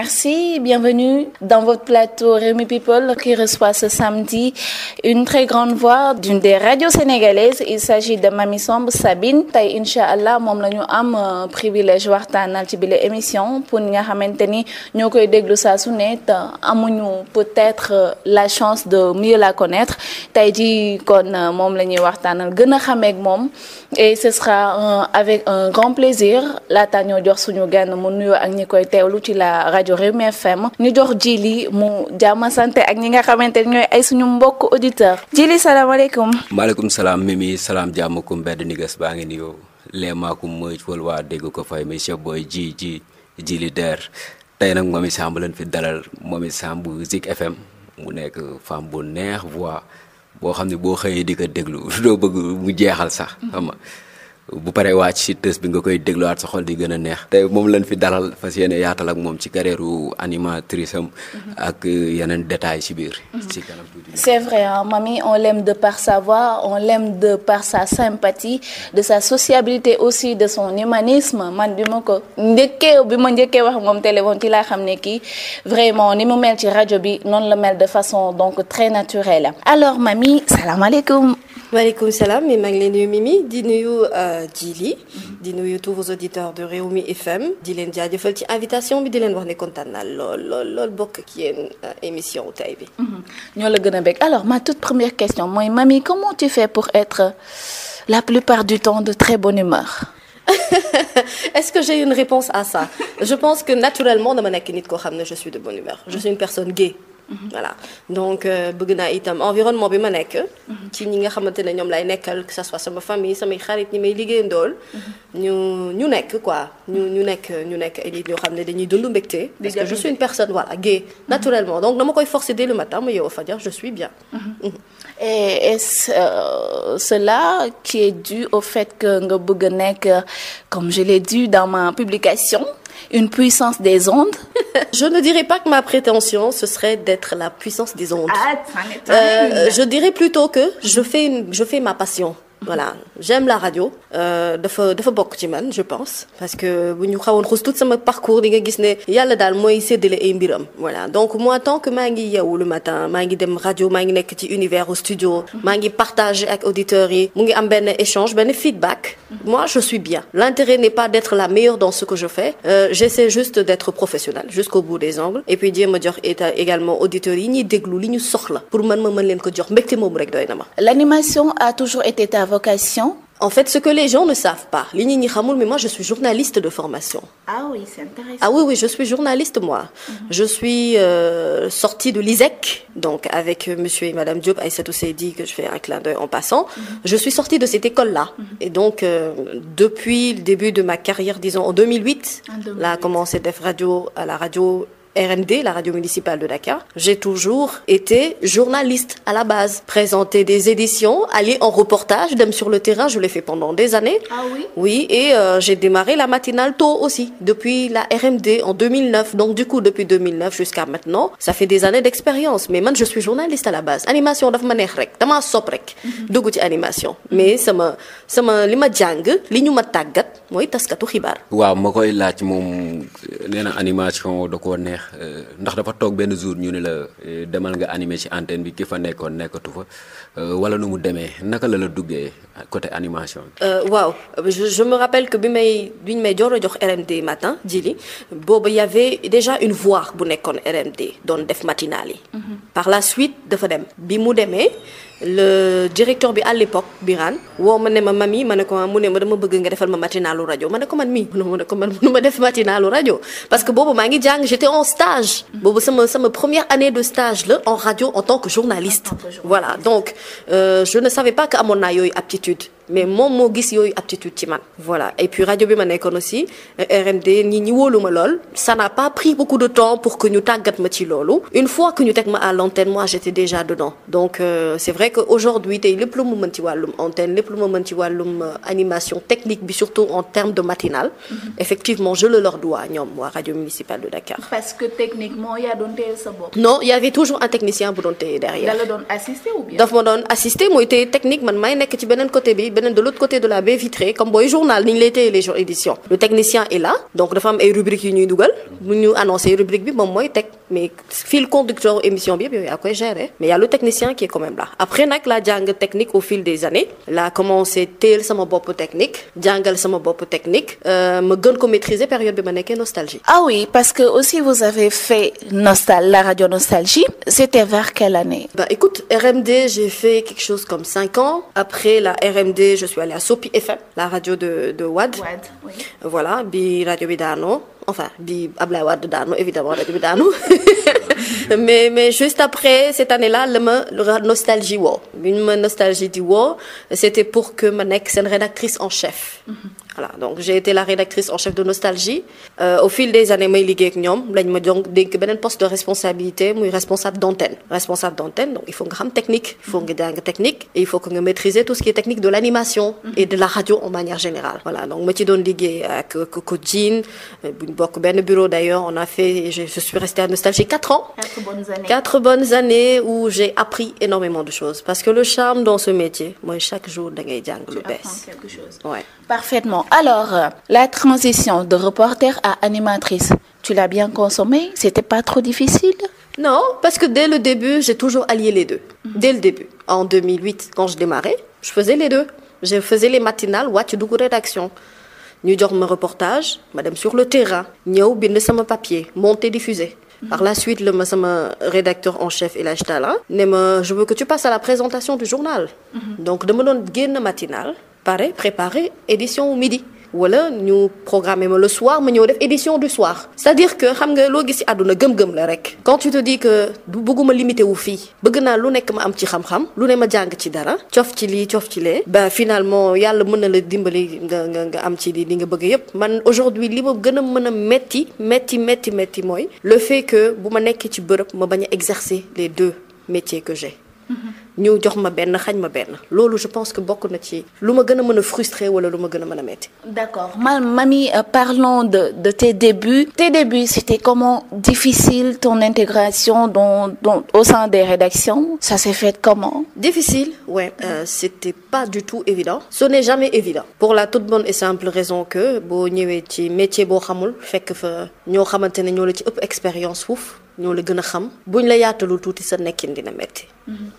remercie. Bienvenue dans votre plateau Rémi People qui reçoit ce samedi une très grande voix d'une des radios sénégalaises. Il s'agit de Mami Somb Sabine. tey incha allah moom la ñu am euh, privilège waxtaanal ci bile émission pour ñi nga xamante ni ñoo koy déglu sa su ne te amuñu peut-être euh, la chance de mieux la connaître tey jii kon euh, moom la ñuy waxtaanal gën a xamee ak moom et ce sera avec un grand plaisir laata ñoo jox suñu gan mu nuyoo ak ñi la joxe Rewmi FM ñu jox Jili mu jàmm sante ak ñi nga xamante ñooy ay suñu mbokk auditeur Jili salaamaaleykum. maaleykum salaam Mimi salaam jàmm ku mbedd baa ngi nuyoo leemaakum mooy wal waa dégg ko fay mi chef booy ji ji Jili der tey nag Momy Samb lañ fi dalal moom i Samb bu Zik FM mu nekk femme bu neex voix boo xam ne boo xëyee di ko déglu doo bëgg mu jeexal sax bu paree wàcc si tës bi nga koy dégluwaat sa xol di gën a neex tey moom lañ fi dalal fas yéene yaatal ak moom ci carrière animatrice ak yeneen détails ci biir mhm. ci kanam tuuti c'est vrai hein, Mamy on l'aime de par sa voix on l'aime de par sa sympathie de sa sociabilité aussi de son humanisme man bi ma ko njëkkee bi ma njëkkee wax moom téléphone ci laa xam ne kii vraiment ni mu mel ci rajo bi noonu la mel de façon donc très naturelle alors Mamy salaamaaleykum maaleykum salaam mi maa ngi leen nuyu Mimi di nuyu euh, Djily di nuyu tous vos auditeurs de Rewmi FM di leen jaajëfal ci invitation bi di leen wax ne kontaan naa lool lool lool bokk euh, émission tey bi. Mm-hmm. ñoo la gën a bég alors ma question mooy Mamy comment tu fais pour être la plupart du temps de très bonne humeur. Est-ce que j'ai une réponse à ça? Je pense que naturellement dama nekk nit koo xam ne je suis de bonne humeur. Je suis une personne gaie. Mhm. voilà donc euh, bëgg naa itam environnement bi ma nekk. Mhm. ci ñi nga xamante ne ñoom lay nekkal que ça soit sama famille samay xarit ñi may liggéeyandool. Mhm. ñu ñu nekk quoi ñu ñu nekk ñu nekk ay nit xam ne dañuy dund mbégte. parce que je suis une personne voilà gaie naturellement donc dama koy forcer dès le matin ma yeewoo fajar je suis bien. et est-ce euh, cela qui est dû au fait que nga bëgg a nekk comme je l'ai du dans ma publication. une puissance des ondes Je ne dirais pas que ma prétention, ce serait d'être la puissance des ondes. Ah, euh, je dirais plutôt que je fais, une, je fais ma passion. voilà j'aime la radio euh, dafa dafa bokk ci man je pense parce que bu ñu xawoon xus tout sama parcours di nga gis ne yàlla daal mooy séddale ay mbiram voilà donc moi tant que maa ngi yeewu le matin maa ngi dem radio maa ngi nekk ci univers au studio maa ngi partager ak auditeurs yi mu ngi am benn échange benn feedback moi je suis bien l'intérêt n'est pas d'être la meilleure dans ce que je fais euh, j'essaie juste d'être professionnel jusqu'au bout des ongles et puis jéem a jox état également auditeurs yi ñuy déglu li ñu soxla pour man ma mën leen ko jox mbégte moom rek doy na ma l'animation a toujours été ta vocation vocation En fait, ce que les gens ne savent pas, Lini Nihamoul, mais moi je suis journaliste de formation. Ah oui, c'est intéressant. Ah oui, oui, je suis journaliste moi. Mm -hmm. Je suis euh, sortie de l'ISEC, donc avec monsieur et madame Diop, Aïssatou dit que je fais un clin d'œil en passant. Mm -hmm. Je suis sortie de cette école-là. Mm -hmm. Et donc, euh, depuis le début de ma carrière, disons en 2008, en 2008. là, a commencé DEF Radio, à la radio RMD, la radio municipale de Dakar, j'ai toujours été journaliste à la base. Présenter des éditions, aller en reportage, dem sur le terrain, je l'ai fait pendant des années. Ah oui et euh, j'ai démarré la matinale tôt aussi, depuis la RMD en 2009. Donc du coup, depuis 2009 jusqu'à maintenant, ça fait des années d'expérience. Mais je suis journaliste à la base. Animation daf ma neex rek, mhm. li ma jàng li ñu ma tàggat mooy taskatu xibaar. waaw ma koy laaj moom nee na animation da koo neex. Euh, ndax dafa toog benn jour ñu ne la euh, demal nga animé ci antenne bi ki fa nekkoon nekkatu fa euh, wala nu mu demee naka la la duggee côté animation waaw je me rappelle que bi may bi ñu may door a jox RMD matin ji li boobu y avait déjà une voix bu nekkoon RMD doon def matinale yi. Mhm. par la suite dafa dem bi mu demee. le directeur bi à l'époque Birane woo ma ne ma mami ma ne ko mu ne ma dama bëgg nga defal ma matinalu rajo ma ne ko man mii mu ne ma def matinalu rajo parce que boobu maa ngi jàng j'étais en stage boobu sama sama première année de stage la en radio en tant que journaliste voilà donc euh, je ne savais pas que amoon naa yooyu aptitude mais moom moo gis yooyu aptitude ci man voilà et puis rajo bi ma nekkoon aussi euh, RND ñi ñi wóolu ma lool ça n'a pas pris beaucoup de temps pour que ñu tàggat ma ci loolu une fois que ñu teg ma à l'antenne moi j'étais déjà dedans donc euh, c'est vrai que aujourd'hui tey ma mën ci wàllum antenne lépp lu ma mën ci wàllum euh, animation technique bi surtout en termes de matinal mm-hmm. effectivement je le leur dois rajo municipale de Dakar parce que techniquement yaa doon téye sa bopp non il y avait toujours un technicien ma doon assister mooy téye technique ci beneen côté bi beneen de l'autre côté de la baie vitrée comme booy journal ni ñu lay téye édition le technicien est là donc dafa am ay rubriques yu ñuy dugal bu rubrique bi mais fil conducteur émission bi yëpp yow yaa koy mais a le technicien qui est quand même là après nag la jàng technique au fil des années la commencé téel sama bopp technique technique euh, ma gën ko maîtriser période bi ma nekkee nostalgie ah oui parce que aussi vous avez fait la radio nostalgie c'était vers quelle année proposé je suis allée à Sopi FM la radio de de Wade. Wade oui. voilà bi rajo bi daanoo enfin bi Ablaye Wade daanu évidemment rajo bi daanu mais mais juste après cette année-là la ma nostalgie woo bi ma nostalgie di woo c'était pour que ma nekk seen rédactrice en chef. Mm -hmm. voilà donc j'ai été la rédactrice en chef de Nostalgie euh, au fil des années may liggéey ak ñoom lañ ma donc dénk beneen poste de responsabilité muy responsable d'antenne responsable d'antenne donc il faut nga xam technique il faut nga jàng technique et il faut que nga maîtriser tout ce qui est technique de l'animation et de la radio en manière générale donc ma ci doon liggéey ak ko euh, bokk benn bureau d'ailleurs on a fait je, je suis restée à Nostalgie quatre ans quatre bonnes années quatre j'ai appris énormément de choses parce que le charme dans ce métier ngay jàng Parfaitement. Alors, la transition de reporter à animatrice, tu l'as bien consommée C'était pas trop difficile Non, parce que dès le début, j'ai toujours allié les deux. Mhm. Dès le début. En 2008, quand je démarrais, je faisais les deux. Je faisais les matinales Ouattoudougou Rédaction. ñu jox ma reportage ma dem sur le terrain ñëw bind sama papier monter diffuser. Mhm. par la suite la ma sama rédacteur en chef El Hadj Talla ne ma je veux que tu passes à la présentation du journal. Mhm. donc dama doon génn matinale pare préparer édition midi wala ñu programmer ma le soir ma ñëw def édition du soir c'est-à-dire que xam nga loo gis ci àdduna gëm-gëm la rek quand tu te dis que du bëgguma limité wu fii bëgg naa lu nekk ma am ci xam-xam lu ne ma jàng ci dara cof ci lii cof ci lee ba finalement yàlla mën na la dimbali nga nga nga am ci li li nga bëgg yépp man aujourd'hui li ma gën a mën a metti metti metti metti mooy le fait que bu ma nekkee ci bërëb ma bañ a exercer ñëw jox ma benn xañ ma benn loolu je pense que bokk na ci lu ma gën a mën a frustré wala lu ma gën a mën a metti d'accord ma Mamy euh, parlons de de tes débuts tes débuts c'était comment difficile ton intégration dans dans au sein des rédactions ça s'est fait comment difficile ouais euh, c'était pas du tout évident ce n'est jamais évident pour la toute bonne et simple raison que boo ñëwee ci métier boo xamul fekk fa ñoo xamante ne ñoo la ci ëpp expérience fuuf ñoo la gën a xam buñ la yaatalul tuuti sa nekkin dina metti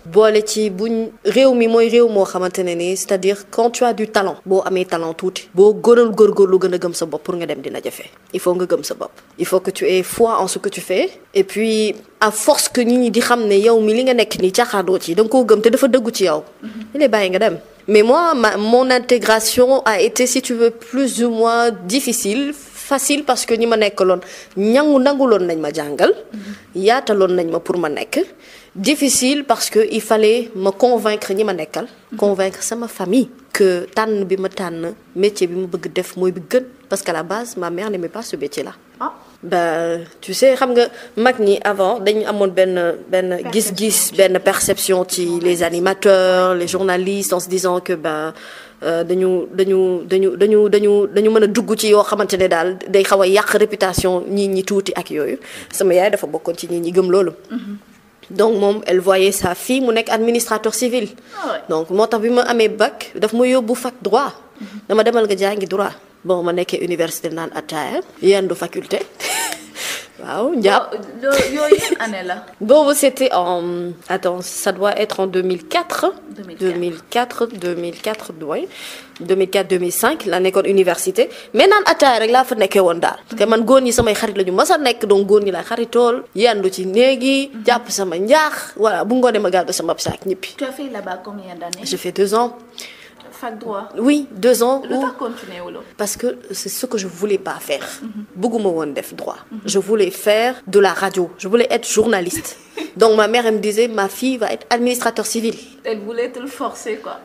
boole ci buñ réew mi mooy réew moo xamante ne ni c'est-à-dire quand tu as du talent boo amee talent tuuti boo gënal góorgóorlu gën a gëm sa bopp pour nga dem dina jafe il faut nga gëm sa bopp il faut que tu aies foi en ce que tu fais et puis à force que ñi di xam ne yow mi li nga nekk nii caaxaandoo ci da nga koo gëm te dafa dëggu ci yow mm-hmm. li lay bàyyi nga dem mais moi mon intégration a été facile parce que ñi ma nekk loon ñangu nanguloon nañ ma jàngal mhm. yaataloon nañ ma pour ma nekk difficile parce que il fallait ma convaincre ñi ma nekkal mhm. convaincre sama famille que tànn bi ma tànn métier bi ma bëgg def mooy bi gën parce qu'à la base ma mère n'aimait pas ce métier là ah. ba tu sais xam nga mag ñi avant dañu amoon benn benn gis-gis benn perception ci les animateurs les journalistes en se disant que ba Euh, dañu dañu dañu dañu dañu dañu mën a dugg ci yoo xamante ne daal day xaw a yàq réputation ñii ñi tuuti ak yooyu sama yaay dafa bokkoon ci ñi ñi gëm loolu mm-hmm. donc moom elle voyait sa fille mu nekk administrateur civil ah donc moo tax bi ma amee bag dafa ma yóbbu fac droit mm-hmm. dama demal nga jàngi droit boo ma nekkee université naan attaaya de faculté waaw njàpp yooyu yëpp année la. boobu c'était en attends ça doit être en 2004. 2004 2004 doy 2004 2005 la nekkoon université mais naan ataaya rek laa fa nekkee woon daal. te man góor ñi samay xarit la ñu mës a nekk donc góor ñi laay xaritool. yendu ci néegi. Mhm. jàpp sama njaax voilà bu ngoonee ma gàddu sama saak ñibbi. tu as fait là-bas combien d'années? j'ai fait deux ans. fac droit. oui deux ans. lu tax continuer wu parce que c'est ce que je voulais pas faire. bëgguma woon def droit. Mhm. je voulais faire de la radio je voulais être journaliste. Donc ma mère, elle me disait, ma fille va être administrateur civil. Elle voulait te le forcer, quoi.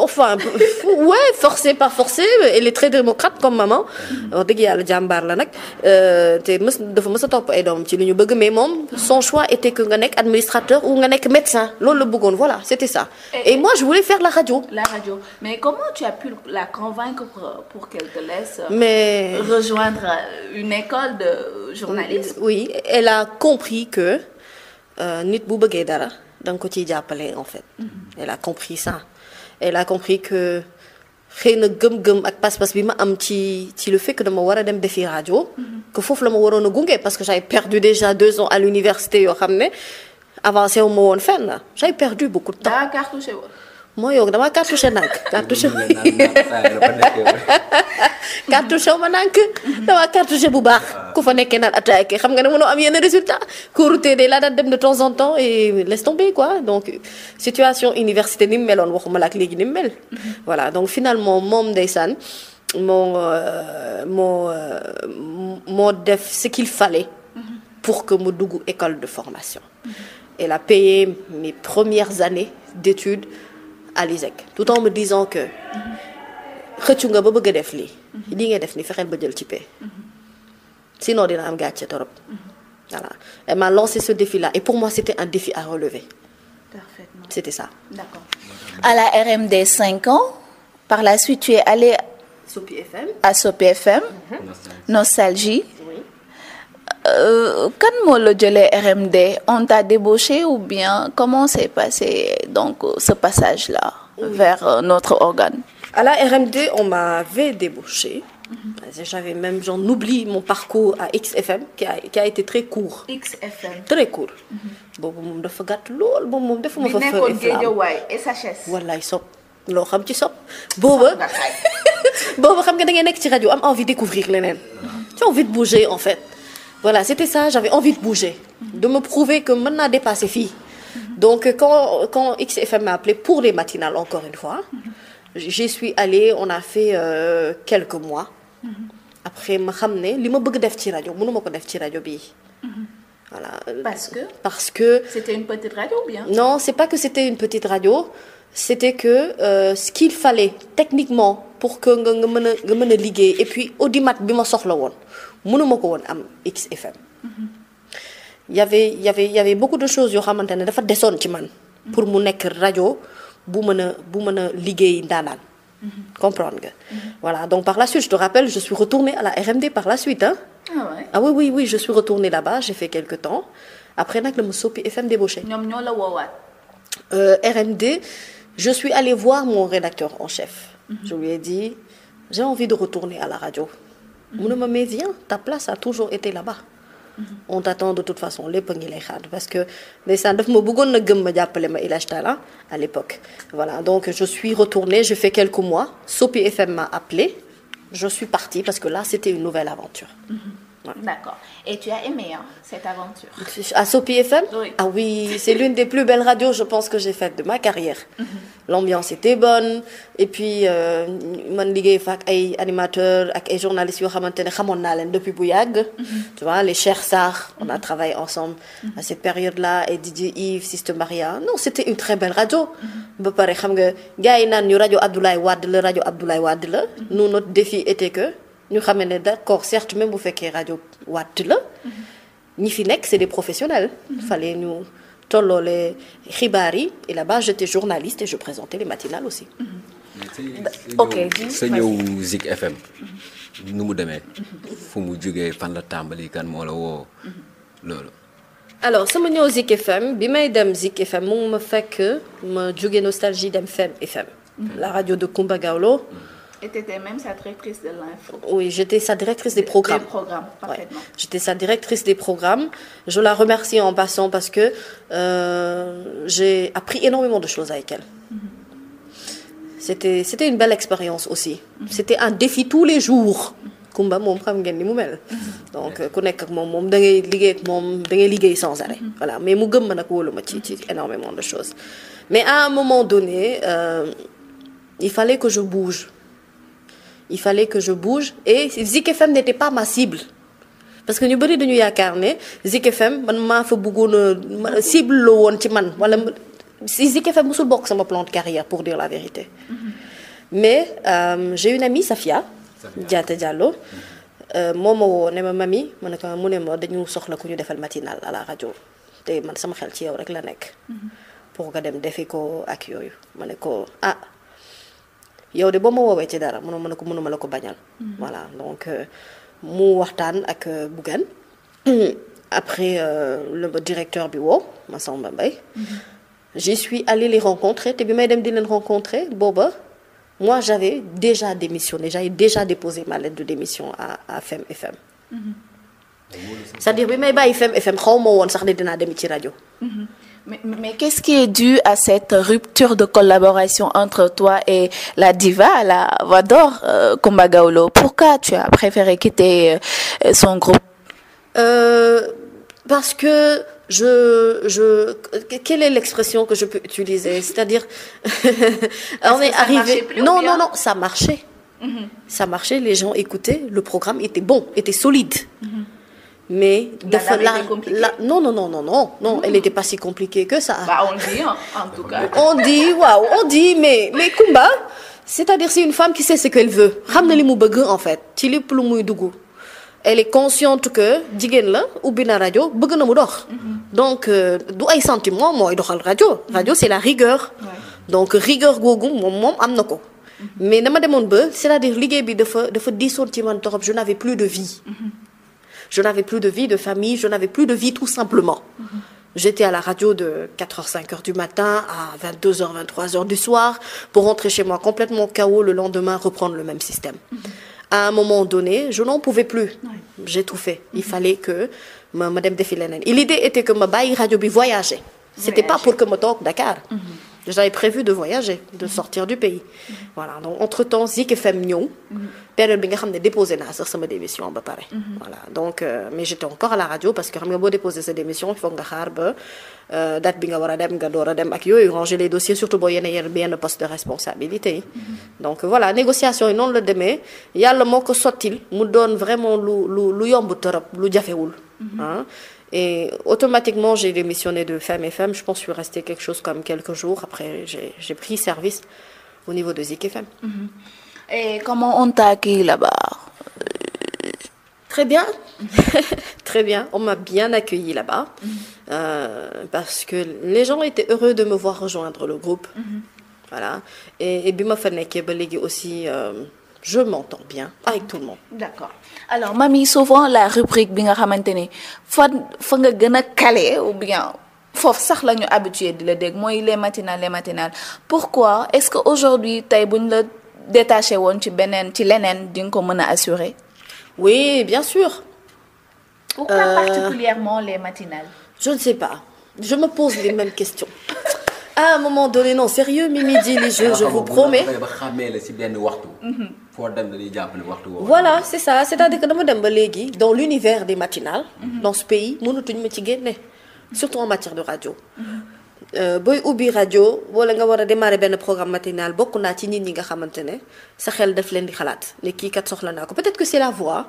Enfin, ouais, forcée, pas forcée. Elle est très démocrate comme maman. wax dëgg yàlla jàmbaar la nag euh, te mës dafa mës a topp ay doom ci lu ñu bëgg mais moom son choix était que nga nekk administrateur ou nga nekk médecin loolu la bëggoon voilà c'était ça. Et, et moi je voulais faire la radio. La radio mais comment tu as pu la convaincre pour, pour qu'elle te laisse. Euh, mais rejoindre une école de journalisme. Oui, elle a compris que. Euh, nit bu bëggee dara da nga ko ciy jàppale en fait. Mm-hmm. elle a compris ça elle a compris que xëy na gëm-gëm ak pas-pas bi ma am ci ci le fait que dama war a dem defi rajo. Mm-hmm. que foofu la ma waroon a gunge parce que j'avais perdu déjà deux ans à l'université yoo xam ne avancé wu woon fenn j'avais perdu beaucoup de temps. daa cartouché woon. moo yow damaa cartouché nag. cartouché cartouche ma nànk mhm. dawaa cartouche bu baax euh. ku fa nekkee naan attaqué xam nga ne mënoo am yenn résultat kóorute day la daan dem de temps en temps et laisse tomber quoi donc situation université ni mu meloon waxuma la ak léegi ni mel mhm. voilà donc finalement moom ndeysaan saan euh, euh, moo def ce qu'il fallait mhm. pour que mu dugg école de formation elle a payé mes premières années d'études à l'ISEC tout en me disant que xëccu nga ba bëgg a def lii Mm-hmm. lii ngay def ni fexeel ba jël ci paie mm-hmm. sinon dina am gàcce torop mm-hmm. voilà m'a lancé ce défi là et pour moi c'était un défi à relever à la RMD 5 ans par la suite tu es allé à Sopi FM mm-hmm. Nostalgie kan moo la RMD on t'a débauché ou bien comment s'est passé ce passage là vers euh, notre organe À la RMD, on m'avait débauché. Mm-hmm. J'avais même, j'en oublie mon parcours à XFM qui a, qui a été très court. XFM. Très court. Mhm. boobu moom dafa gàtt lool moom moom defuma fa. fa efflam bi nekkoon Géejawaay SHS. wallaay sopp loo xam ci sopp. booba booba xam nga da ngay nekk ci rajo am envie découvrir leneen. tu as envie de bouger en fait. voilà c'était ça j'avais envie de bouger. Mhm. de me prouver que mën naa dépasser fii. Mhm. donc quand quand XFM m'a appelé pour les matinales encore une fois. Mm-hmm. j'y suis allée on a fait euh, quelques mois. Mm-hmm. après ma xam ne li ma bëgg def ci rajo mënuma ko def ci rajo bii. Mm-hmm. voilà parce que parce que. c'était une petite radio ou bien. non c'est pas que c'était une petite radio c'était que euh, ce qu'il fallait techniquement pour que nga nga mën a nga mën a liggéey et puis audimat bi ma soxla woon mënuma ko woon am XFM. Mm-hmm. y avait y avait y avait beaucoup de choses yoo xamante ne dafa desoon ci man. pour mu nekk rajo. bu mën a bu mën a liggéey ndaanaan mhm. comprendre nga. Mhm. voilà donc par la suite je te rappelle je suis retournée à la RMD par la suite ah. ah ouais ah oui oui oui je suis retournée là-bas j'ai fait quelque temps après nag la FM débauché. ñoo la woowaat. Euh, RMD je suis allée voir mon rédacteur en chef. Mhm. je lui ai dit j'ai envie de retourner à la radio. mu viens ta place a toujours été là Mm-hmm. on t'attend de toute façon lépp a ngi lay xaar parce que ndeysaan daf ma bëggoon na gëm ma jàppale ma Elaj Talla à l'époque voilà donc je suis retournée j'ai fait quelques mois Sopi FM m'a appelé je suis partie parce que là c'était une nouvelle aventure mm -hmm. D'accord. Et tu as aimé hein, cette aventure À Sopi FM oui. Ah oui, c'est l'une des plus belles radios, je pense, que j'ai faites de ma carrière. Mm -hmm. L'ambiance était bonne. Et puis, euh, man liguey fa ak ay animateurs, ak ay journalistes yo xamantene xamone na len depuis bu yag. Mhm. Tu vois, les chers Sar, on a mhm. travaillé ensemble mm -hmm. à cette période-là et DJ Yves, Sister Maria. Non, c'était une très belle radio. Mhm. Ba paré xam nga gaay nan ñu radio Abdoulaye Wade, le radio Abdoulaye Wade la. Nous notre défi était que ñu xamee ne d'accord certes même bu fekkee rajo wàtt la ñi fi nekk c'est des professionnels mhm. fallait ñu tolloole xibaar yi et là-bas j'étais journaliste et je présentais les matinales aussi mhm. sa ñëw Zik mhm. nu mu demee fu mu jógee fan la tàmbali kan moo la woo loolu alors sama ñëw Zik bi may dem Zik FM mu ma fekk ma jóge nostalgie dem Fem FM la radio de Koumba Gawlo Et tu étais même sa directrice de l'info. Oui, j'étais sa directrice des programmes. Des programmes, parfaitement. Ouais. J'étais sa directrice des programmes. Je la remercie en passant parce que euh, j'ai appris énormément de choses avec elle. Mm -hmm. C'était, c'était une belle expérience aussi. Mm -hmm. C'était un défi tous les jours. Mm-hmm. Kumba moom xam ngeen ni mu mel. Mm-hmm. donc ku nekk ak moom moom da ngay liggéey ak moom da ngay liggéey sans arrêt. Mm-hmm. voilà mais mu gëm ma nag wóolu ma ci ci énormément de choses. mais à un moment donné euh, il fallait que je bouge. il fallait que je bouge et Zik FM n'était pas ma cible parce que ñu bëri dañu yaakaar ne Zik FM man maa fa bëggoon a cible la woon ci man wala si Zik FM musul bokk sama plante de carrière pour dire la vérité mm-hmm. mais euh, j'ai une amie Safia Diata Diallo mm-hmm. euh, moom ma woo ne ma mami ma ne ko mu ne ma dañu soxla ku ñu defal matinal à la rajo te man sama xel ci yow rek la nekk mm-hmm. pour nga dem defi ko ak yooyu ma ne ko ah yow de boo ma woowee ci dara mënoo mën a ko mënuma la ko bañal. Hmm. voilà donc euh, mu waxtaan ak euh, Bougane après euh, le directeur bi woo Massamba Mbaye. Hmm. j'y suis allée les rencontrer te bi may dem di leen rencontrer booba moi j'avais déjà démissionné j'avais déjà déposé ma lettre de démission à à Fem FM. Hmm. c'est-à-dire bi may bàyyi Fem FM xaw ma woon sax dinaa dem ci rajo. Mais, mais qu'est-ce qui est dû à cette rupture de collaboration entre toi et la diva, la voix d'or, euh, Kumba Gawlo Pourquoi tu as préféré quitter euh, son groupe euh, Parce que je, je, quelle est l'expression que je peux utiliser C'est-à-dire, on est, est arrivé. Plus, non, non, non, ça marchait. Mm -hmm. Ça marchait, les gens écoutaient, le programme était bon, était solide. Mm -hmm. mais dafa la la non non non non non non mmh. elle était pas si compliquée que ça. Bah, on dit en, on dit waaw on dit mais mais c'est-à-dire c'est une femme qui sait ce qu'elle veut xam na li mu bëgg en fait ci lépp lu muy dugg. elle est consciente que jigéen la ubbi na rajo bëgg na mu dox. Mm-hmm. donc euh, du ay sentiment mooy doxal rajo. rajo c'est la rigueur. Ouais. donc rigueur googu moom moom am na ko. Mm-hmm. mais dama demoon ba c'est-à-dire liggéey bi dafa dafa diisoon ci man torop je na plus de vie. Mm-hmm. Je n'avais plus de vie de famille, je n'avais plus de vie tout simplement. Mmh. J'étais à la radio de 4h, 5h du matin à 22h, 23h du soir pour rentrer chez moi complètement au chaos le lendemain, reprendre le même système. À un moment donné, je n'en pouvais plus. Oui. Il mhm. fallait que ma, madame défile. L'idée était que ma baille radio bi voyageait. C'était pas pour que me toque Dakar. Mhm. j'avais prévu de voyager de mhm. sortir du pays mhm. voilà donc entre temps Zik FM mhm. ñëw période bi nga xam ne déposé naa démission ba pare voilà donc euh, mais j'étais encore à la radio parce que xam nga boo déposé sa démission il faut nga xaar ba euh, war a dem nga door a dem ak yooyu ranger les dossiers surtout boo yenn yenn benn poste de responsabilité donc voilà négociation yi noonu la demee yàlla moo ko sottil mu doon vraiment lu lu lu yomb torop lu jafewul ah Et automatiquement, j'ai démissionné de Femmes et Femmes. Je pense que je suis restée quelque chose comme quelques jours. Après, j'ai pris service au niveau de Zik FM. Mm -hmm. Et comment on t'a accueilli là-bas euh, Très bien. très bien. On m'a bien accueilli là-bas. Mm -hmm. euh, parce que les gens étaient heureux de me voir rejoindre le groupe. Mm -hmm. Voilà. Et, et Bima Faneke aussi, euh, je m'entends bien avec tout le monde. D'accord. alors mami souvent la rubrique bi nga xamante ni fa fa nga gën a calé ou bien foofu sax lañu ñu di la dégg mooy les matinales les matinales pourquoi est-ce que aujourd'hui tey bu ñu la détaché woon ci beneen ci leneen di nga ko mën a assurer. oui bien sûr. pourquoi euh, particulièrement les matinales. je ne sais pas je me pose les mêmes questions. à un moment donné non sérieux Mimi Dji li je je vous promets. ba xàmmee la si benn waxtu. Mhm. foo dem dañuy jàpp ne waxtu voilà c' est ça c' à dire dama dem ba léegi dans l' univers des matinales. Mhm. dans ce pays mënatuñ ma ci génne. Mhm. surtout en matière de radio. Euh, booy ubbi rajo wala nga war a démarrer benn programme matinal bokk naa ci nit ñi nga xamante ne sa xel daf leen di xalaat ne kii kat soxla naa ko peut-être que c'est la voix.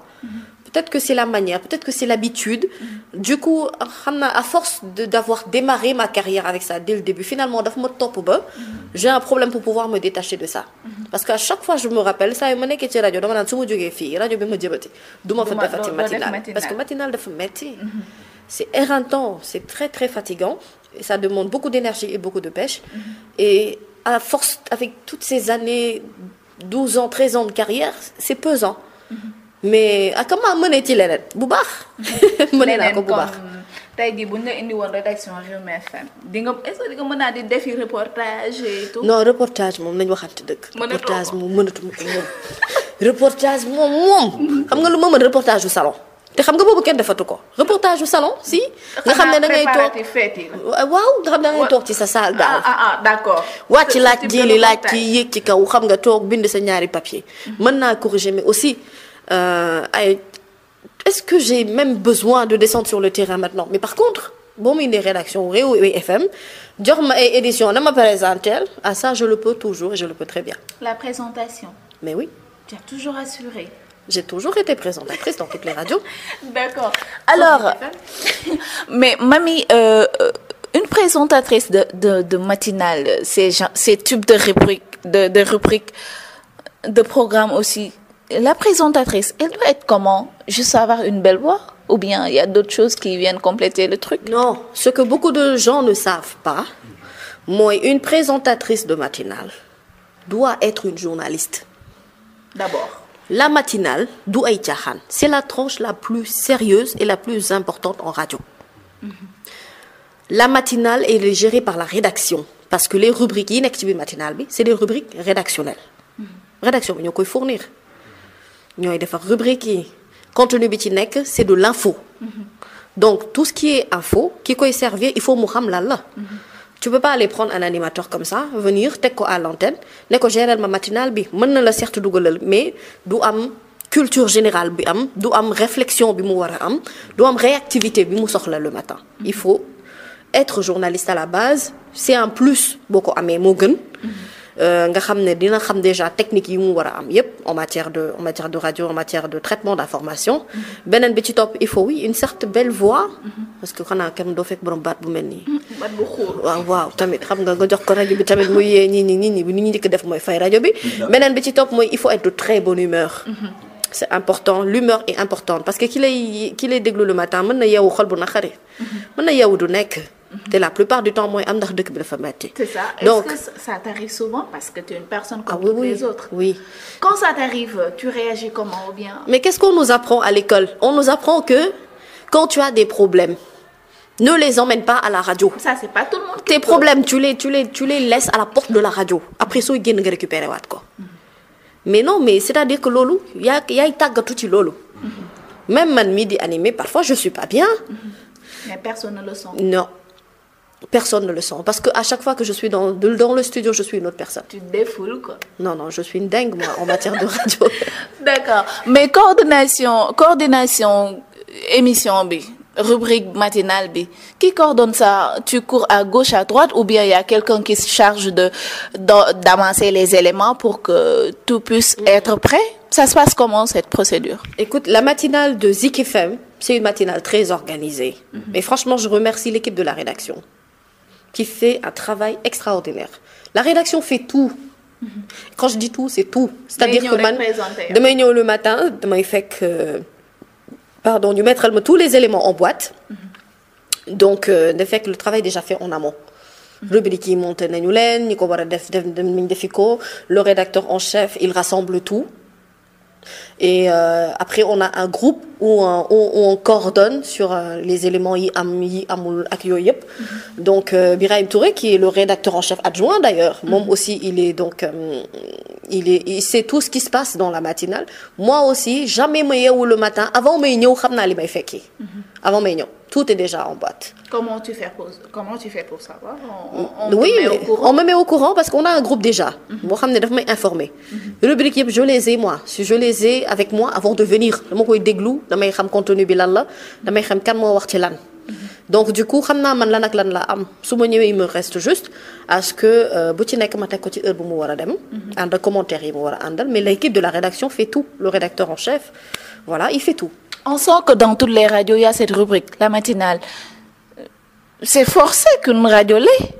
peut-être que c'est la manière peut-être que c'est l'habitude mm-hmm. du coup xam naa à force de d'avoir démarré ma carrière avec ça dès le début finalement dafa ma topp ba mm-hmm. j'ai un problème pour pouvoir me détacher de ça mm-hmm. parce que à chaque fois je me rappelle saa yu ma nekkee ci rajo dama naan su ma jógee fii rajo bi ma jëbati du ma fa defati matinale parce que matinale dafa metti c'est éreintant c'est très très fatigant et ça demande beaucoup d'énergie et beaucoup de pêche et à force avec toutes ces années 12 ans 13 ans de carrière c'est pesant mais ak ma mënee ci leneen bu baax. mënee naa ko bu baax tey jii bu ñu la indi woon rédaction Rewmi FM di nga nga mën naa di defi reportage et tout. non reportage moom nañu waxante dëgg. reportage moom mënatuma ko moom. reportage moom moom. xam nga lu ma mën reportage yu salon. te xam nga boobu kenn defatu ko reportage yu salon si. nga xam ne da ngay toog waaw nga xam ne da toog ci sa salle daal. ah ah, ah d'accord. wàcc laaj jiili laaj ci yéeg ci kaw xam nga toog bind sa ñaari papier. Mm-hmm. mën naa corriger mais aussi. Euh, ay est-ce que j'ai même besoin de descendre sur le terrain maintenant mais par contre boo muy indee rédaction Rewmi FM jox ma ay édition dama présenter à ah, ça je le peux toujours et je le peux très bien. la présentation. mais oui. tu as toujours assuré. j'ai toujours été présentatrice dans toutes les radios. d'accord alors mais Mamy euh, euh, une présentatrice de de de matinale ces gens ces types de rubriques de de rubriques de programmes aussi. la présentatrice, elle doit être comment Juste avoir une belle voix Ou bien il y a d'autres choses qui viennent compléter le truc Non, ce que beaucoup de gens ne savent pas, moi, une présentatrice de matinale doit être une journaliste. D'abord. La matinale, d'où c'est la tranche la plus sérieuse et la plus importante en radio. Mm -hmm. La matinale elle est gérée par la rédaction parce que les rubriques inactivées matinales, c'est des rubriques rédactionnelles. Mm -hmm. Rédaction, mais nous pouvons fournir. ñooy defar rubrique yi contenu bi ci nekk c'est de l'info mm-hmm. donc tout ce qui est info ki koy servir il faut mu xam lan la mm-hmm. tu peux pas aller prendre un animateur comme ça venir teg ko à l'antenne ne ko gérer ma matinale bi mën na la serte dugalal mais du am culture générale bi am du am réflexion bi mu war a am du am réactivité bi mu soxla le matin mm-hmm. il faut être journaliste à la base c'est un plus boo ko amee moo gën Euh, nga xam ne dina xam déjà technique yi mu war a am yépp en matière de en matière de radio en matière de traitement d'information mm-hmm. beneen bi ci topp il faut oui une certaine belle voix mm-hmm. parce que xanaa kenn doo fekk bu mel nii mm-hmm. baat tamit xam nga nga jox ko rajo bi tamit muy yee ñii ñi ñii ñi bi ni ñu njëkk def mooy fay rajo bi beneen bi ci topp mooy il faut être de très bonne humeur c'est important l'humeur est importante parce que ki lay ki lay déglu le matin mën na yeewu xol bu naqari mën na yeewu du nekk te la plupart du temps mooy am ndax dëkk bi dafa metti. c'est ça donc est-ce que ça t'arrive souvent parce que tu es une personne ah comme ah, oui, les autres. oui quand ça t'arrive tu réagis comment ou bien. mais qu'est-ce qu'on nous apprend à l'école on nous apprend que quand tu as des problèmes. ne les emmène pas à la radio. ça c'est pas tout le monde. tes problèmes tu les tu les tu les laisses à la porte de la radio après sooy génn nga récupérer waat ko. mais non mais c'est-à-dire que loolu yaa yaay tàggatu ci loolu. Mm-hmm. même man mii di animer parfois je suis pas bien. Mm-hmm. mais personne ne le sent. non. Personne ne le sent. Parce que à chaque fois que je suis dans, dans le studio, je suis une autre personne. Tu te défoules, quoi. Non, non, je suis une dingue, moi, en matière de radio. D'accord. Mais coordination, coordination, émission B, rubrique matinale B, qui coordonne ça Tu cours à gauche, à droite, ou bien il y a quelqu'un qui se charge de, d'avancer les éléments pour que tout puisse être prêt Ça se passe comment, cette procédure Écoute, la matinale de Zik FM, c'est une matinale très organisée. Mm -hmm. Mais franchement, je remercie l'équipe de la rédaction. qui fait un travail extraordinaire la rédaction fait tout quand je dis tout c'est tout c'est-à-dire que man damay ñëw le matin damay fekk euh, pardon ñu mettre ma tous les éléments en boîte donc de euh, fekk le travail déjà fait en amont rubrique yi monté nañu leen ñi ko war a def def dem nañ defi ko le rédacteur en chef il rassemble tout Et euh, après, on a un groupe où, on, où on coordonne sur euh, les éléments yi am yi amul ak yooyu yëpp. Mm-hmm. Donc euh, Birahim Touré qui est le rédacteur en chef adjoint d'ailleurs, mm -hmm. moom mm-hmm. aussi il est donc euh, il est il sait tout ce qui se passe dans la matinale. Moi aussi, jamais ma yeewu le matin avant may ñëw xam naa li may fekki. Mm-hmm. Avant may ñëw. tout est déjà en boîte. Comment tu fais pour, comment tu fais pour savoir on, on Oui, te met au courant? on me met au courant parce qu'on a un groupe déjà. boo xam ne daf may informer. Mhm. rubrique yëpp je les ai moi si je les ai avec moi avant de venir dama koy déglu damay xam contenu bi lan la damay xam kan moo wax ci lan. Mhm. donc du coup xam naa man lan ak lan laa am su ma ñëwee il me reste juste à ce que euh, bu ci nekk ma teg ko ci heure bu mu war a dem. Mhm. ànd ak commentaire yi mu war a àndal mais l'équipe de la rédaction fait tout le rédacteur en chef voilà il fait tout. On sent que dans toutes les radios, il y a cette rubrique, la matinale. C'est forcé qu'une radio l'ait.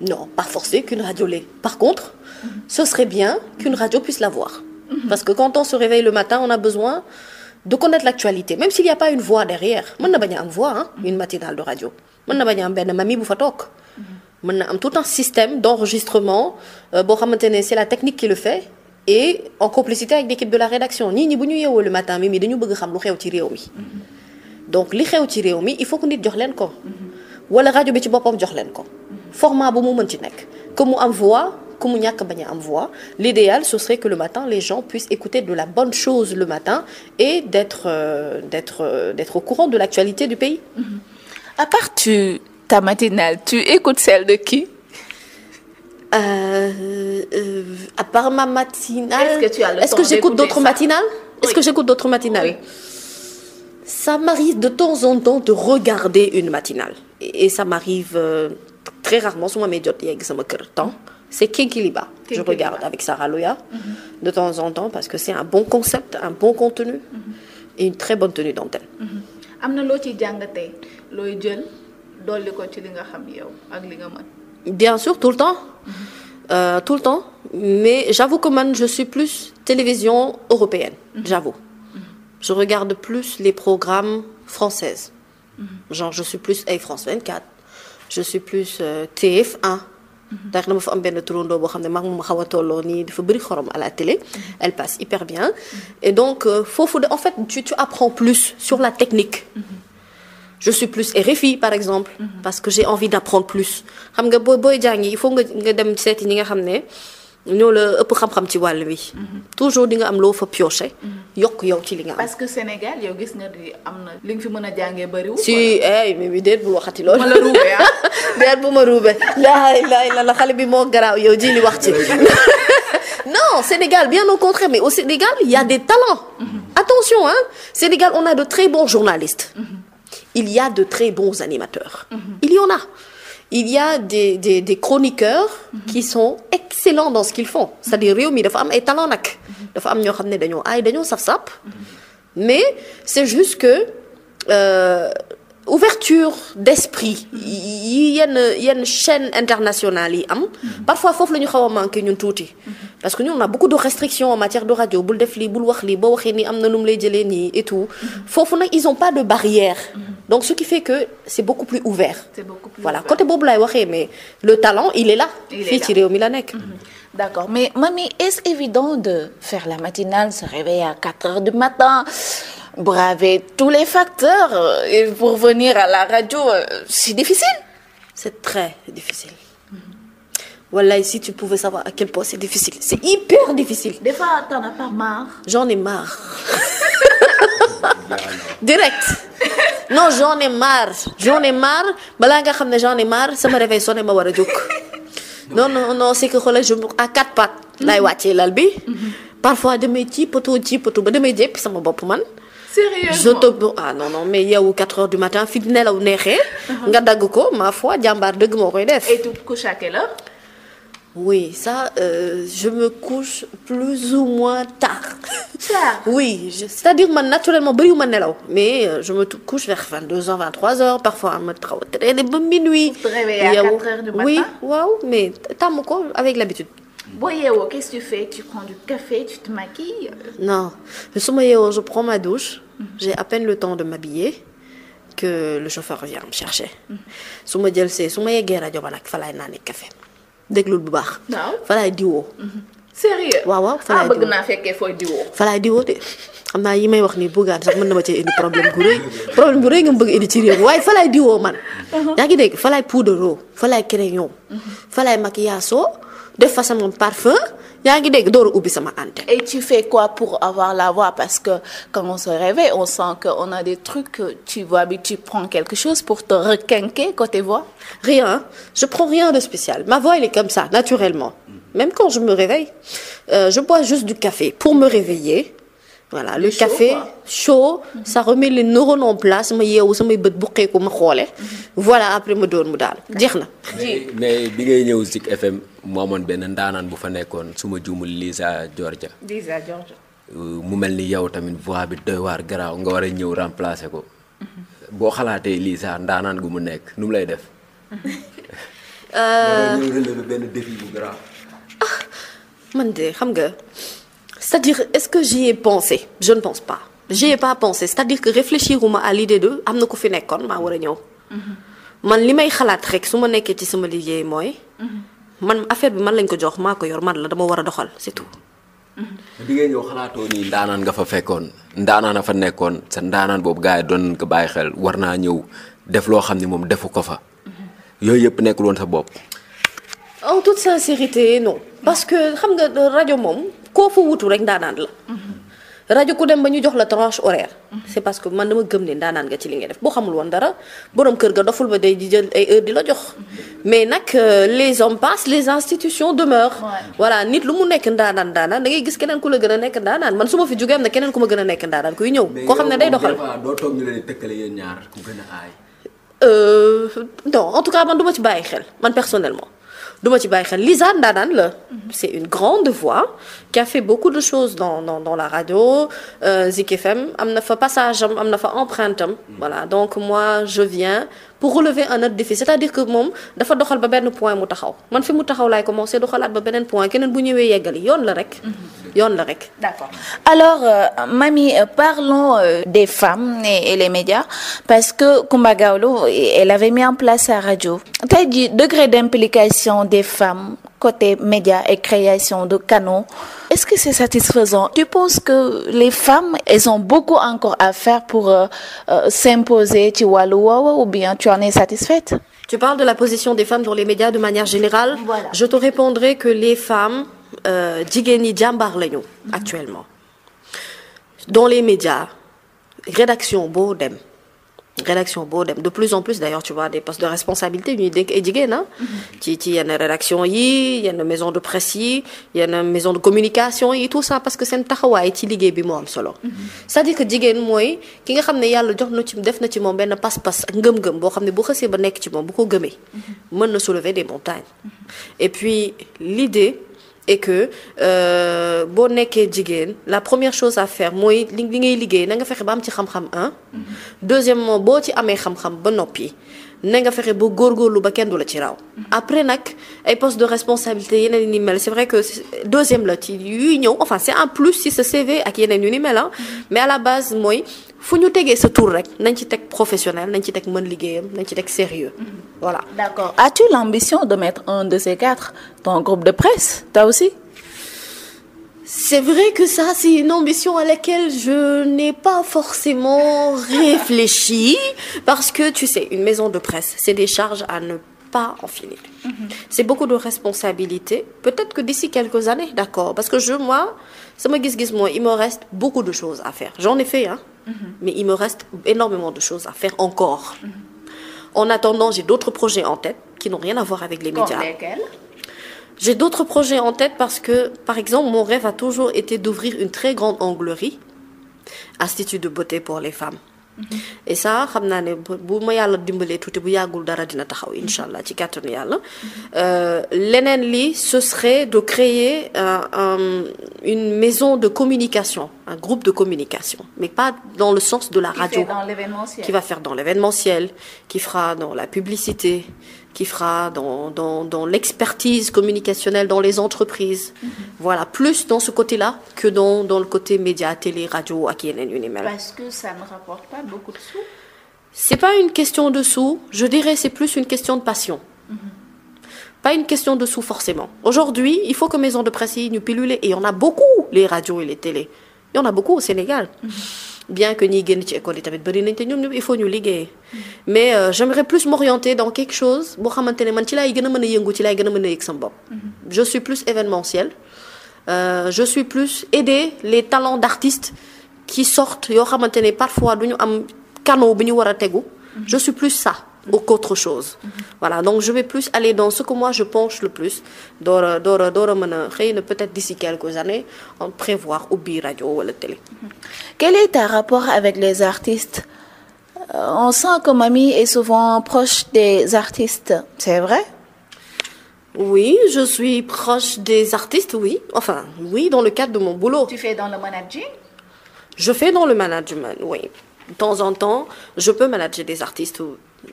Non, pas forcé qu'une radio l'ait. Par contre, mm -hmm. ce serait bien qu'une radio puisse l'avoir. Mm -hmm. Parce que quand on se réveille le matin, on a besoin de connaître l'actualité. Même s'il n'y a pas une voix derrière. Mën na bañ a am voix, hein, mhm. une matinale de radio. Mën na bañ a am benn mamie bu fa toog. Mhm. Mën na am tout un système d'enregistrement euh, boo xamante ne c'est la technique qui le fait. et en complicité avec l'équipe de la rédaction ñii ñi bu ñu yeewoo le matin mi mi dañu bëgg xam lu xew ci réew mi donc li xew ci réew mi il faut que nit jox leen ko wala rajo bi ci boppam jox leen ko format bu mu mën ci nekk que mu am voix que mu ñàkk bañ a am voix l'idéal ce serait que le matin les gens puissent écouter de la bonne chose le matin et d'être euh, d'être euh, d'être au courant de l'actualité du pays à part tu, ta matinale tu écoutes celle de qui Euh, euh, à part ma matinale. Est-ce que tu as le Est-ce que j'écoute d'autres matinales Est-ce oui. que j'écoute d'autres matinales oui. Ça m'arrive de temps en temps de regarder une matinale. Et, et ça m'arrive euh, très rarement, souvent mes sama kër temps. C'est Kinkiliba. Je regarde avec Sarah Loya mm -hmm. de temps en temps parce que c'est un bon concept, un bon contenu mm -hmm. et une très bonne tenue d'antenne. Mhm. Am na loo ciy jàngatee looy jël dolli ko ci li nga xam yow ak li nga mën. Bien sûr, tout le temps. Euh, tout le temps. Mais j'avoue que man, je suis plus télévision européenne, mhm. j'avoue. Je regarde plus les programmes françaises. Mhm. Genre, je suis plus Air France 24, je suis plus euh, TF1. Mhm. ndax dama fa am benn turandoo boo xam ne mag moom xaw a tolloo nii dafa bëri xorom à la télé. elle passe hyper bien. et donc euh, foofu de en fait apprends plus sur la technique. je suis plus RFI par exemple. Mm parce que j'ai envie d'apprendre plus. xam nga boo booy jàngi il faut nga nga dem seeti ñi nga xam ne ñoo la ëpp xam-xam ci wàll wi. Mhm. toujours di nga am loo fa pioché. Mhm. yokk yow ci li nga am. parce que Sénégal yow gis nga am na. li nga fi mën a jàngee bëriwul. si eh mais ah. déet bu waxati loolu. ma bu ma ruubee. laay laay la la xale bi moo garaaw yow ji li wax ci. non Sénégal bien au contraire mais au Sénégal il y a des talents. Mhm. attention ah Sénégal on il y a de très bons animateurs. Mm -hmm. Il y en a. Il y a des, des, des chroniqueurs mm -hmm. qui sont excellents dans ce qu'ils font. c'est-à-dire mhm. réew mi dafa am ay talent nag. Mhm. dafa am ñoo xam ne dañoo aay dañoo saf-sap. Mhm. mais c'est juste que euh, ouverture d'esprit yi yenn yenn chaîne internationale yi am parfois foofu la ñu xaw a manqué ñun tuuti parce que ñun on a beaucoup de restrictions en matière de radio bul def lii bul wax li boo waxee nii am na nu mu lay jëlee nii et tout foofu nag ils ont pas de barrière donc ce qui fait que c'est beaucoup plus ouvert c'est voilà côté boobu laay waxee mais le talent il est là fii ci réew mi la nekk mhm. d'accord mais mami est-ce évident de faire la matinale se réveiller à 4 braver tous les facteurs et pour venir à la radio, euh, c'est difficile. C'est très difficile. Voilà, ici, tu pouvais savoir à quel point c'est difficile. C'est hyper difficile. Direct. non j'en ai marre j'en balaa nga xam ne j'en ai marre sama réveil sonné ma war a jóg non non non c'est que quatre pattes. laay wàccee lal bi. Mhm. parfois damay ci poto ci poto ba damay jépp sama bopp man. sérieusement je ah, non mais yow 4 heures du matin fi nelaw neexee. Uh-huh. nga dagg ko ma foi jàmbaar dëgg moo koy def. et tu te couches à quelle heure? oui ça euh, je me couche plus ou moins tard. oui c'est-à-dire man naturellement bëriwuma nelaw mais euh, je me couche vers 22h 23h parfois ma xaw a traîner ba minuit. yow oui waaw mais tàmm ko avec l'habitude boo yeewoo qu'est-ce tu fais café tu te maquilles. non su ma yeewoo je prends ma douche. Mhm. j'ai à le temps de m'habiller que le chauffeur vient me chercher. Mhm. su ma jël see su ma yeggee rajo ba nag fa laay naanee café déglul bu baax. waaw fa laay diwoo. Mhm. sérieux waaw waaw fa laay ah, diwoo fekkee fooy diwoo. fa laay diwoo de xam naa yi may wax nii bëggaan sax mën na ma cee indi problème bu rëy problème bu rëy nga bëgg indi ci réew mi waaye fa laay diwoo man. yaa ngi dégg fa laay puudaroo fa laay crayon. fa laay def fa sama parfum yaa ngi dégg door a ubbi sama antenne. et tu fais quoi pour avoir la voix parce que quand on se réveille on sent que on a des trucs tu vois bi tu prends quelque chose pour te requinquer côté voix. rien je prends rien de spécial ma voix elle est comme ça naturellement mm. même quand je me réveille euh, je bois juste du café pour me réveiller. voilà le café chaud ça remet les neurones en place ma yeewu samay bët bu xeeku ma xoole voilà après ma doon mu daal jeex na. mais bi ngay ñëw Zik FM mu amoon benn ndaanaan bu fa nekkoon su ma juumul Lisa Georgia. Lisa Georgia. Euh, mu mel ni yow tamit voix bi doy waar garaaw nga war a ñëw remplacer ko. boo xalaatee Lisa ndaanaan gu mu nekk nu lay def. Euh, benn ah, man de xam nga. c'est-à-dire est-ce que j'y ai pensé je ne pense pas j'y ai pas pensé c'est-à-dire que réfléchiruma à l'idée de am na ko fi nekkoon maa war a ñëw mm-hmm. man li may xalaat rek su ma nekkee ci sama liggéey mooy mm-hmm. man affaire bi man lañ ko jox maa ko yor man la dama war a doxal c'est tout mm-hmm. bi xalaatoo nii ndaanaan nga fa fekkoon ndaanaan a fa nekkoon sa ndaanaan boobu gaa yi doon nañ bàyyi xel war naa ñëw def loo xam ne moom defu ko fa yooyu yëpp nekkul woon sa bopp en toute sincérité non parce que xam nga rajo moom koo fu wutu rek ndaanaan la. rajo ku dem ba ñu jox la tranche horaire. c'est parce que man dama gëm ni ndaanaan nga ci li ngay def boo xamul woon dara borom kër ga doful ba day di jël ay di la jox. mais nag euh, les hommes passent les institutions demeurent. voilà nit lu mu nekk ndaanaan ndaanaan da ngay gis keneen ku la gën a nekk ndaanaan man su ma fi jógee am na keneen ku ma gën a nekk ndaanaan kuy ñëw. koo xam ne day doxal mais doo a aay. Euh, non en tout cas man du ci bàyyi xel man personnellement. du ma ci bàyyi xel Lisa ndaanaan la. c'est une grande voix. qui a fait beaucoup de choses dans dans dans la radio euh, Zik FM am na fa passage am am na fa empreinte am. voilà donc moi je viens. pour relever un autre défi c'est-à-dire que moom dafa doxal ba benn point mu taxaw man fi mu taxaw laay commencé doxalaat ba beneen point keneen bu ñëwee yeggali yoon la rek. Mhm. yoon la rek. d'accord alors euh, Mamy euh, parlons euh, des femmes et, les médias parce que Coumba Gawlo elle avait mis en place sa radio. tey jii degré d'implication des femmes. côté médias et création de canaux. Est-ce que c'est satisfaisant Tu penses que les femmes, elles ont beaucoup encore à faire pour euh, euh, s'imposer, tu vois, ou bien tu en es satisfaite Tu parles de la position des femmes dans les médias de manière générale. Voilà. Je te répondrai que les femmes, Djigeni euh, actuellement, dans les médias, rédaction Bodem. rédaction boo dem de plus en plus d'ailleurs tu vois des postes de responsabilité ñuy dénk ay jigéen ah ci ci yenn rédaction yi yenn maison de presse yi yenn maison de communication yi tout ça parce que seen taxawaay ci liggéey bi moom solo c'est-à-dire que jigéen mooy ki nga xam ne yàlla jox na ci def na ci moom benn pas-pas ak ngëm-ngëm boo xam ne bu xësee ba nekk ci moom bu ko gëmee mën na soulever des montagnes et puis l'idée et que euh, boo nekkee jigéen la première chose à faire mooy li ngay liggéey na nga fexe ba am ci xam-xam un mm-hmm. deuxièmement boo ci amee xam-xam ba noppi na nga fexe ba góorgóorlu ba kenn du la ci raw. après nag ay poste de responsabilité yeneen yu ni mel c' est vrai que deuxième la ci yuy ñëw enfin c' est en plus si sa CV ak yeneen yu ni mel ah. mais à la base mooy fu ñu tegee sa tour rek nañ ci teg professionnel nañ ci teg mën liggéeyam nañ ci teg sérieux mm-hmm. voilà. d' accord as-tu l' ambition de mettre un de ces quatre ton groupe de presse toi aussi. C'est vrai que ça, c'est une ambition à laquelle je n'ai pas forcément réfléchi, parce que tu sais, une maison de presse, c'est des charges à ne pas en finir. Mm -hmm. C'est beaucoup de responsabilités. Peut-être que d'ici quelques années, d'accord, parce que je, moi, ça me guise moi, il me reste beaucoup de choses à faire. J'en ai fait, hein, mm -hmm. mais il me reste énormément de choses à faire encore. Mm -hmm. En attendant, j'ai d'autres projets en tête qui n'ont rien à voir avec les Quand médias. Lesquels J'ai d'autres projets en tête parce que, par exemple, mon rêve a toujours été d'ouvrir une très grande anglerie, institut de beauté pour les femmes. Mm-hmm. et ça xam naa ne bu ma yàlla dimbalee tuuti bu yàggul dara dina taxaw incha allah ci kàttanu yàlla. Mm-hmm. Euh, leneen li ce serait de créer un une maison de communication un groupe de communication mais pas dans le sens de la radio. qui fait dans l'événementiel qui va faire dans l'événementiel qui fera dans la publicité. qui fera dans dans dans l'expertise communicationnelle dans les entreprises. Mm -hmm. Voilà, plus dans ce côté-là que dans dans le côté média, télé, radio ak yeneen yu ni mel. Parce que ça ne rapporte pas beaucoup de C'est pas une question de sous, je dirais c'est plus une question de passion. Mm Pas une question de sous forcément. Aujourd'hui, il faut que Maison de Presse nous pilule et il a beaucoup les radios et les télés. Il y en a beaucoup au Sénégal. Mm-hmm. bien que ñiy génn ci école yi tamit bari nañ te ñoom ñoom il faut ñu liggéey mm-hmm. mais euh, j'aimerais plus m'orienter dans quelque chose boo xamante ne man ci laay gën a mën a yëngu ci laay gën a mën a yëg sama bopp je suis plus événementiel euh, je suis plus aider les talents d'artistes qui sortent yoo xamante ne parfois du ñu am canot bi ñu war a tegu je suis plus ça qu'autre chose voilà donc je vais plus aller dans ce que moi je penche le plus door a door a door a mën a xëy na peut-être d'ici quelques années on prévoir ubbi rajo wala télé quel est ton rapport avec les artistes euh, on sent que Mamy est souvent proche des artistes c'est vrai oui je suis proche des artistes oui enfin oui dans le cadre de mon boulot tu fais dans le managing Je fais dans le management, oui. De temps en temps, je peux manager des artistes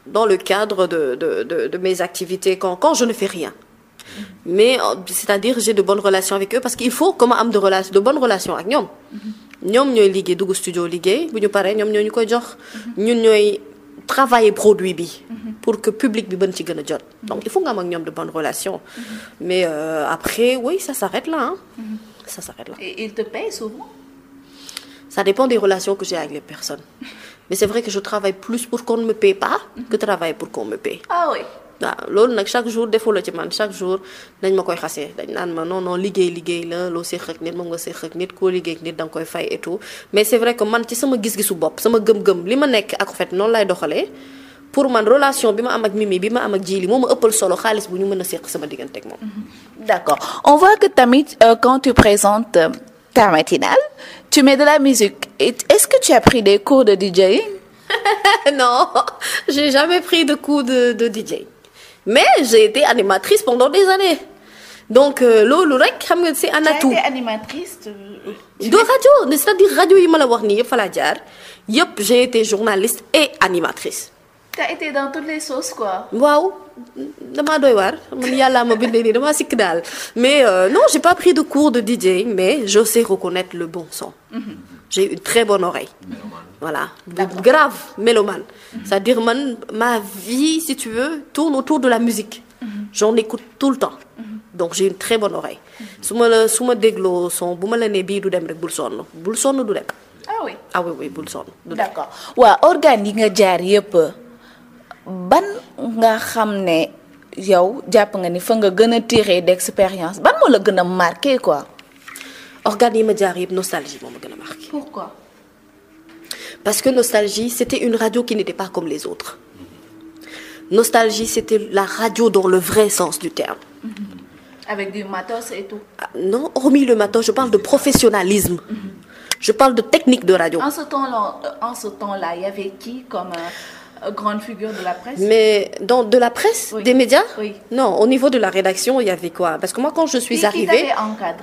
dans le cadre de, de, de, de mes activités quand, quand je ne fais rien. mais euh, c'est-à-dire j'ai de bonnes relations avec eux parce qu'il faut que ma am de relation de bonnes relations ak ñoom. ñoom ñooy liggéey dugg studio liggéey bu ñu paree ñoom ñoo ñu koy jox. ñun ñooy travailler produit bi. pour que public bi bën ci gën a jot. donc il faut nga am ak ñoom de bonnes relations. mais euh, après oui ça s'arrête là hein. ça s'arrête là. et ils te payent souvent. Ça dépend des relations que j'ai avec les personnes. Mais c'est vrai que je travaille plus pour qu'on ne me paie pas mhm. que travailler pour qu'on me paie. Ah oui. waaw loolu nag chaque jour defoo la ci man chaque jour dañ ma koy xasee dañ naan ma non non liggéey liggéey la loo séq ak nit moom nga koo liggéey ak nga koy fay et tout mais c'est vrai que man ci gis-gisu bopp sama gëm-gëm ma nekk ak en fait noonu lay doxalee pour man relation bi ma am ak Mimi bi ma am ak Djily moo ma ëppal solo xaalis bu ñu mën a séq sama diggante ak moom. Mhm. d'accord on voit que tamit euh, quand tu présentes. Euh, ta matinale, tu mets de la musique. Est-ce que tu as pris des cours de DJing Non, j'ai jamais pris de cours de, de DJing. Mais j'ai été animatrice pendant des années. donc euh, loolu rek xam nga c'est un atout animatrice de euh, radio c'est-à-dire rajo yi ma la wax nii yëpp fa laa jaar yëpp j'ai été journaliste et animatrice t'as été dans toutes les sauces quoi. waaw damaa doy waar man yàllaa ma bindee nii sikk daal mais euh, non j'ai pas pris de cours de DJ mais je sais reconnaître le bon son. j'ai une très bonne oreille. voilà grave mélomane. c'est-à-dire ma vie si tu veux tourne autour de la musique. j'en écoute tout le temps. donc j'ai une très bonne oreille. su ma la su dégloo son bu ma la nee bii du dem rek bul sonn bul sonn du dem. ah oui ah oui oui bul d'accord waaw organes yi ban nga xam ne yow jàpp nga ni fa nga gën a tiré d'expérience ban moo la gën a marqué quoi. organes yi ma jaar yëpp nostalgie moo ma gën a marqué. parce que nostalgie c'était une radio qui n'était pas comme les autres nostalgie c'était la radio dans le vrai sens du terme. Mm-hmm. avec du matos et tout. Ah, non hormis le matos je parle de professionnalisme. Mm-hmm. je parle de technique de radio. en ce temps-là en ce qui comme. Euh, grande figure de la presse. Mais dans, de la presse oui. Des médias Oui. Non, au niveau de la rédaction, il y avait quoi Parce que moi, quand je suis qui arrivée,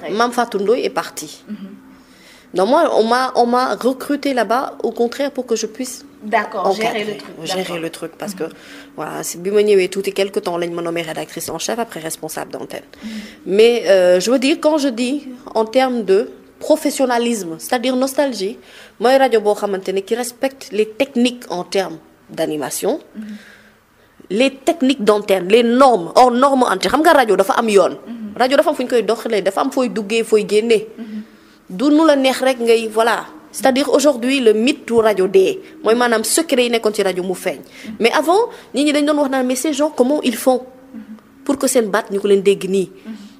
qui Mme Fatundoy est partie. Mm -hmm. Donc moi, on m'a recrutée là-bas, au contraire, pour que je puisse D'accord, gérer le truc. Gérer le truc, parce mm -hmm. que voilà, c'est Bimonier et tout, et quelques temps, on m'a nommée rédactrice en chef, après responsable d'antenne. Mm -hmm. Mais euh, je veux dire, quand je dis en termes de professionnalisme, c'est-à-dire nostalgie, moi, Radio Bohamantene qui respecte les techniques en termes d'animation les techniques d'antenne les normes hors norme antenne xam nga rajo dafa am yoon rajo dafa am fu ñu koy doxalee dafa am fooy duggee fooy génnee du nu la neex rek ngay voilà c'est-à-dire aujourd'hui le mythe du rajo dee mooy maanaam secret yi nekkoon ci rajo mu feeñ mais avant nit ñi dañ doon wax naan mais ces gens comment ils font que seen baat ñu leen dégg nii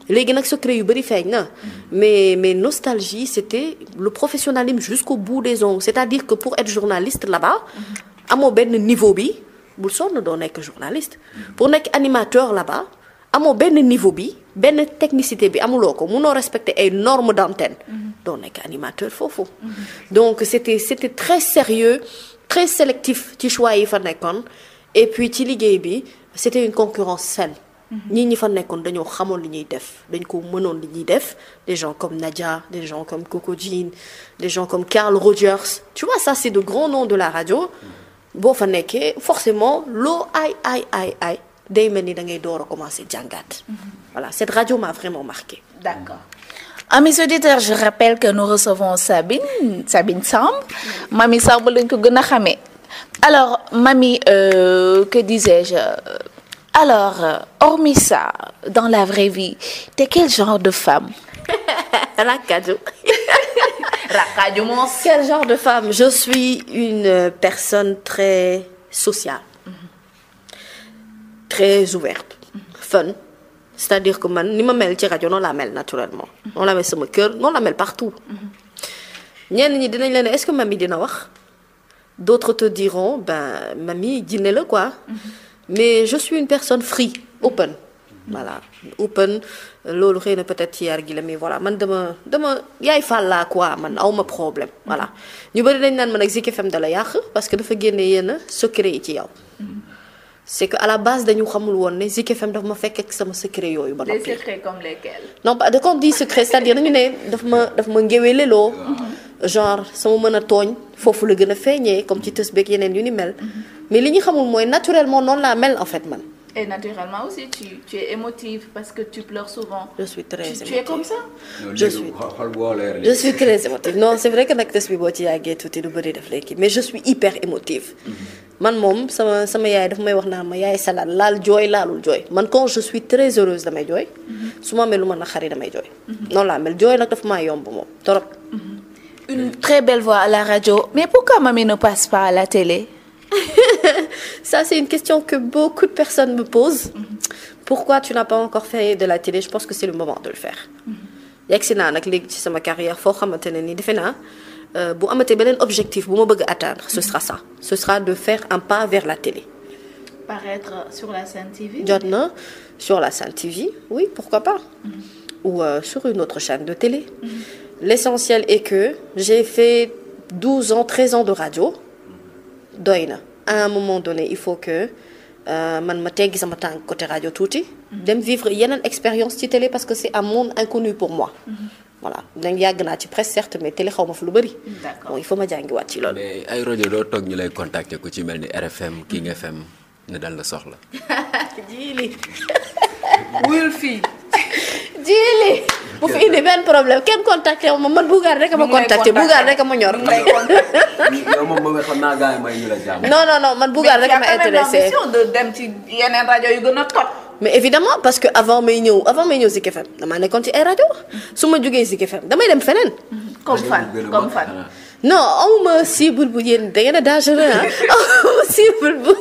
léegi nag secret yu bëri feeñ na mais mais nostalgie c'était le professionnalisme jusqu'au bout des ongles c'est-à-dire que pour être journaliste là-bas amoo benn niveau bi bul sonn doo nekk journaliste. pour nekk animateur là-bas amoo benn niveau bi benn technicité bi amuloo ko munoo respecter ay normes d'antenne. Mhm. doo nekk animateur foofu. Mhm. donc c'était c'était très sérieux très sélectif ci choix yi fa nekkoon et puis ci liggéey bi c'était une concurrence saine. Mhm. ñii ñi fa nekkoon dañoo xamoon li ñuy def dañ ko mënoon li ñuy def des gens comme Nadia des gens comme Coco Jean des gens comme Carl Rogers tu vois ça c'est de grands noms de la radio. boo fa nekkee forcément loo aay aay aay aay day mel ni da ngay door a commencer jàngaat. Mm-hmm. voilà cette radio m'a vraiment marqué. d'accord. Amis auditeurs je rappelle que nous recevons Sabine Sabine Samb mm-hmm. Mamy Samb lañ ko gën a xamee alors Mamy euh, que disais-je alors hormis dans la vraie vie t'es quel genre de femme. rakkaaju moos. quel genre de femme je suis une personne très sociale. très ouverte. fun c'est-à-dire que man ni ma mel ci rajo noonu laa mel naturellement. noonu laa mel sama kër noonu laa mel partout. ñenn ñi dinañ la ne est-ce que mami dina wax d'autres te diront ben mami jinne la quoi. mais je suis une personne free open. voilà open loolu xëy na peut-être ci yar gi la mais voilà man dama dama yaay fàllaa quoi man awma problème voilà ñu bëri dañ naan man ak Zik FM dala yàq parce que dafa génne yenn secret yi ci yow. c'est que à la base dañu xamul woon ne Zik FM dafa ma fekk ak sama secret yooyu. ba noppi des secrets comme lesquels. non pas de quand on secret cest à ne daf ma daf ma ngéwéleloo. genre sama mën a tooñ foofu la gën a feeñee comme ci tës beeg yeneen yu ni mel. Mhm. mais li ñu xamul mooy naturellement noonu laa mel en fait man. Et naturellement aussi, tu, es émotive parce que tu pleures souvent. Je suis très émotive. non, c'est vrai que nag des boo ci yàggee tuuti lu bëri daf lay kii mais je suis hyper émotive. Mhm. man moom sama sama yaay dafa may wax naa ma yaay salaat laal jooy laalul jooy man quand je suis très heureuse damay jooy. Mhm. su ma mel lu ma naqari damay jooy. Mhm. noonu laa mel jooy nag dafa maa yomb moom torop. une très belle voix à la radio mais pourquoi Mamy ne passe pas à la télé. Ça, c'est une question que beaucoup de personnes me posent. Mhm. Pourquoi tu n'as pas encore fait de la télé Je pense que c'est le moment de le faire. Mhm. yegg si naa nag léegi ci sama carrière foo xamante ne ni defe naa euh, bu amatee beneen objectif bu ma bëgg a atteindre ce mhm. sera ça ce sera de faire un pas vers la télé. paraître sur la Sen TV. jot na sur la Sen TV oui pourquoi pas. ou euh, sur une autre chaîne de télé. l'essentiel est que j'ai fait 12 ans 13 ans de radio. doy na à un moment donné il faut que euh, man ma teggi sama tànk côté rajo tuuti. Mhm. dem vivre yeneen expérience ci télé parce que c'est un monde inconnu pour moi. Mhm. voilà dañ yàgg naa ci presse certes mais télé xaw ma fa lu bëri. d'accord bon il faut ma jàngiwaat ci loolu. mais ay rajo doo toog ñu lay contacter ku ci mel ni RFM King FM ne dal la soxla. jiili wuyul fii. jiili bu fi indi benn problème kenn contacté ma man Bougane rek a ma contacté Bougane rek a ma ñor. yow moom moom xam naa gars yi man Bougane rek a ma intéressé mais y' a dem ci yeneen rajo yu gën a tot. mais évidemment parce que avant may ñëw avant may ñëw Zik FM damaa nekkoon ci ay rajo su ma jugee si FM damay dem feneen. comme fan comme fan. Ah. non awma oh, cible bu yéen da ngeen a oh,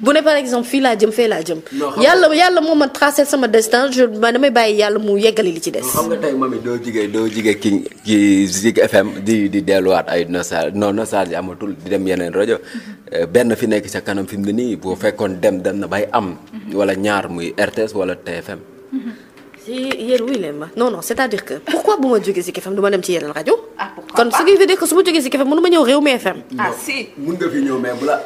bu ne par exemple fii laa jëm fee laa jëm. yàlla yàlla moo ma tracé sama destin ma damay bàyyi yàlla mu yeggali li ci des. xam nga tey mami jigee doo jigee ki ki Zik FM di di delluwaat ay nostalgie non nostalgie amatul di dem yeneen rajo mhm. benn fi nekk sa kanam fi mu ne nii boo fekkoon dem dem na bay am. Mhm. wala ñaar muy RTS wala TFM. Mhm. yéen wuy leen ma non non c'est-à-dire que pourquoi bu ma jógee si KFM du ma dem ci yeneen rajo. ah pourquoi kon ce qui veut su ma jógee si KFM mënu ma ñëw Rewmi FM. ah si mun nga fi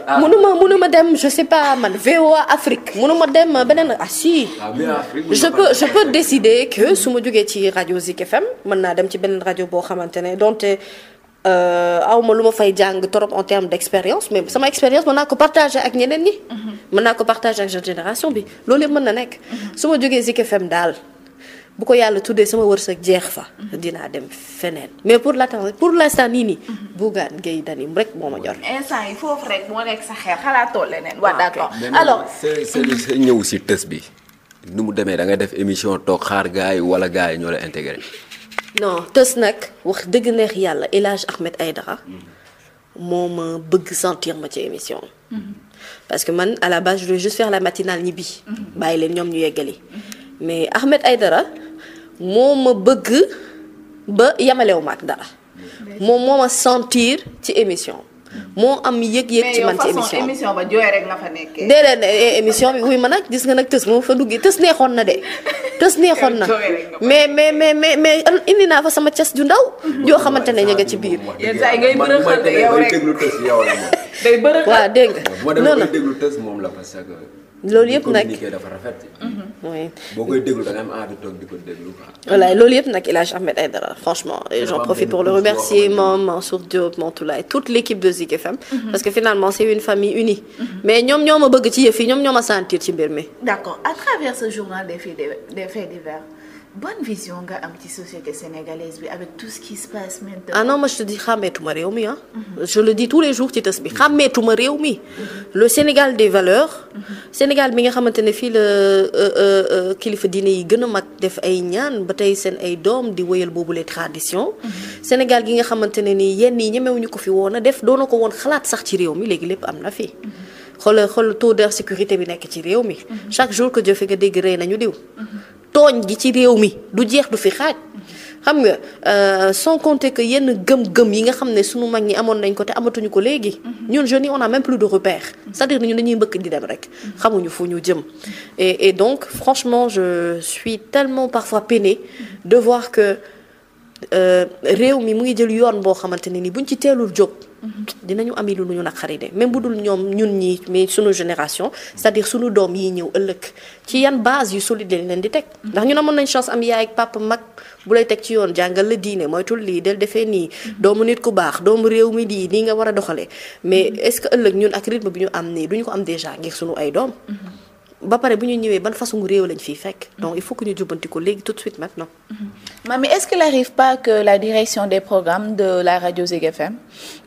ah. ma dem je sais pas mënu ma dem beneen ah si. Ah, je peux je su ma jógee ci rajo Zik FM mën naa dem ci beneen rajo boo xamante ne donte. Euh, aw ma lu ma fay jàng trop en termes d' expérience mais sama expérience mën naa ko partager ak ñeneen ñi. Mhm. mën naa ko partager ak jeune génération bi loolu yëpp mën na nekk. Mhm. su ma jógee Zik FM daal. bu ko yàlla tuddee sama wër wërsëg jeex fa. dinaa dem feneen mais pour l'instant pour l'instant nii nii. Bougane Gueye Dany rek moo ma ñor instant yi foofu rek moo nekk sa xel xalaatoo leneen. waaw d'accord alors sa ñëw si tës bi nu demee da nga def émission toog xaar gars yi wala gars yi ñoo la intégré. non tës nag wax dëgg neex yàlla illage Hadj Ahmed Aïdara moo ma bëgg sentir ma ci émission parce que man à la base je voulais juste faire la matinale ñibbi. Mhm. bàyyi leen ñoom ñu yeggali mais moo ma bëgg ba yemalewu ma ak dara moom moo ma sentir ci émission moo am yëg-yëg ci man ci émission émission ba jooy rek nga fa nekkee e, e, émission bi wuy ma nag gis nga nag tës moom fa duggee tës neexoon na de tës neexoon na mais mais mais mais mais indi naa fa sama cas ju ndaw joo xamante ne ñu ci biir yenn saa yi ngay a xëy yow moom la parce que loolu yëpp nag rafet. Mhm. boo koy déglu da nga am envie toog di ko déglu quoi. voilà loolu yëpp nag El Hadj Ahmed Aïdara franchement et j'en profite pour le remercier moom Mansour Diop Mantoulaye toute l'équipe de Zik FM. Mhm. parce que finalement c'est une famille unie. Mhm. mais ñoom ñoo ma bëgg ci yëf yi ñoom ñoo ma sentir ci mbir mi. d'accord à travers ce journal des faits divers. bonne vision nga am ci société sénégalaise bi am tout ce qui se passe maintenant. ah réew mi ah. Mm-hmm. je le dis tous les jours ci tës bi xàmmeetuma réew mi. Mm-hmm. le Sénégal des valeurs. Mm-hmm. Sénégal bi nga xamante ne fii la euh, euh, euh, kilifa diine yi gën a mag def ay ñaan ba tey seen ay doom di woyal boobu les traditions. Sénégal gi nga xamante ne nii yenn yi ñemewuñu ko fi woon a def doona ko woon xalaat sax ci réew mi léegi lépp am na fi. xol xool taux sécurité bi nekk ci réew mi. chaque jour que Dieu fait nga dégg rey tooñ gi ci réew mi du jeex du fi xaaj xam nga euh, sans compter que yenn gëm-gëm yi nga xam ne sunu mag ñi amoon nañ ko te amatuñu ko léegi. ñun jeunes yi on a même plus de repères. c'est-à-dire ñun dañuy mbëkk di dem rek. xamuñu fu ñu jëm. et et donc franchement je suis tellement parfois peinée de voir que euh, réew mi mu ngi jël yoon boo xamante ne ni buñ ci teelul jóg. dinañu am lu ñu naqari de même bu dul ñoom ñun ñi mais sunu génération c'est-à-dire sunu doom yi ñëw ëllëg ci yan base yu solide lañ leen di teg. ndax ñu amoon nañ chance am yaay ak papa mag bu lay teg ci yoon jàngal la diine moytul lii del defee nii doomu nit ku baax doomu réew mi di nii nga war a doxalee mais est-ce que ëllëg ñun ak rythme bi ñu am nii duñu ko am déjà ngir suñu ay doom. ba pare bu ñu ñëwee ban façon réew lañ fiy fekk. donc il faut que ñu jubbanti ko léegi tout de suite maintenant. Mm-hmm. Mamy est-ce qu'il n'arrive pas que la direction des programmes de la radio Zik FM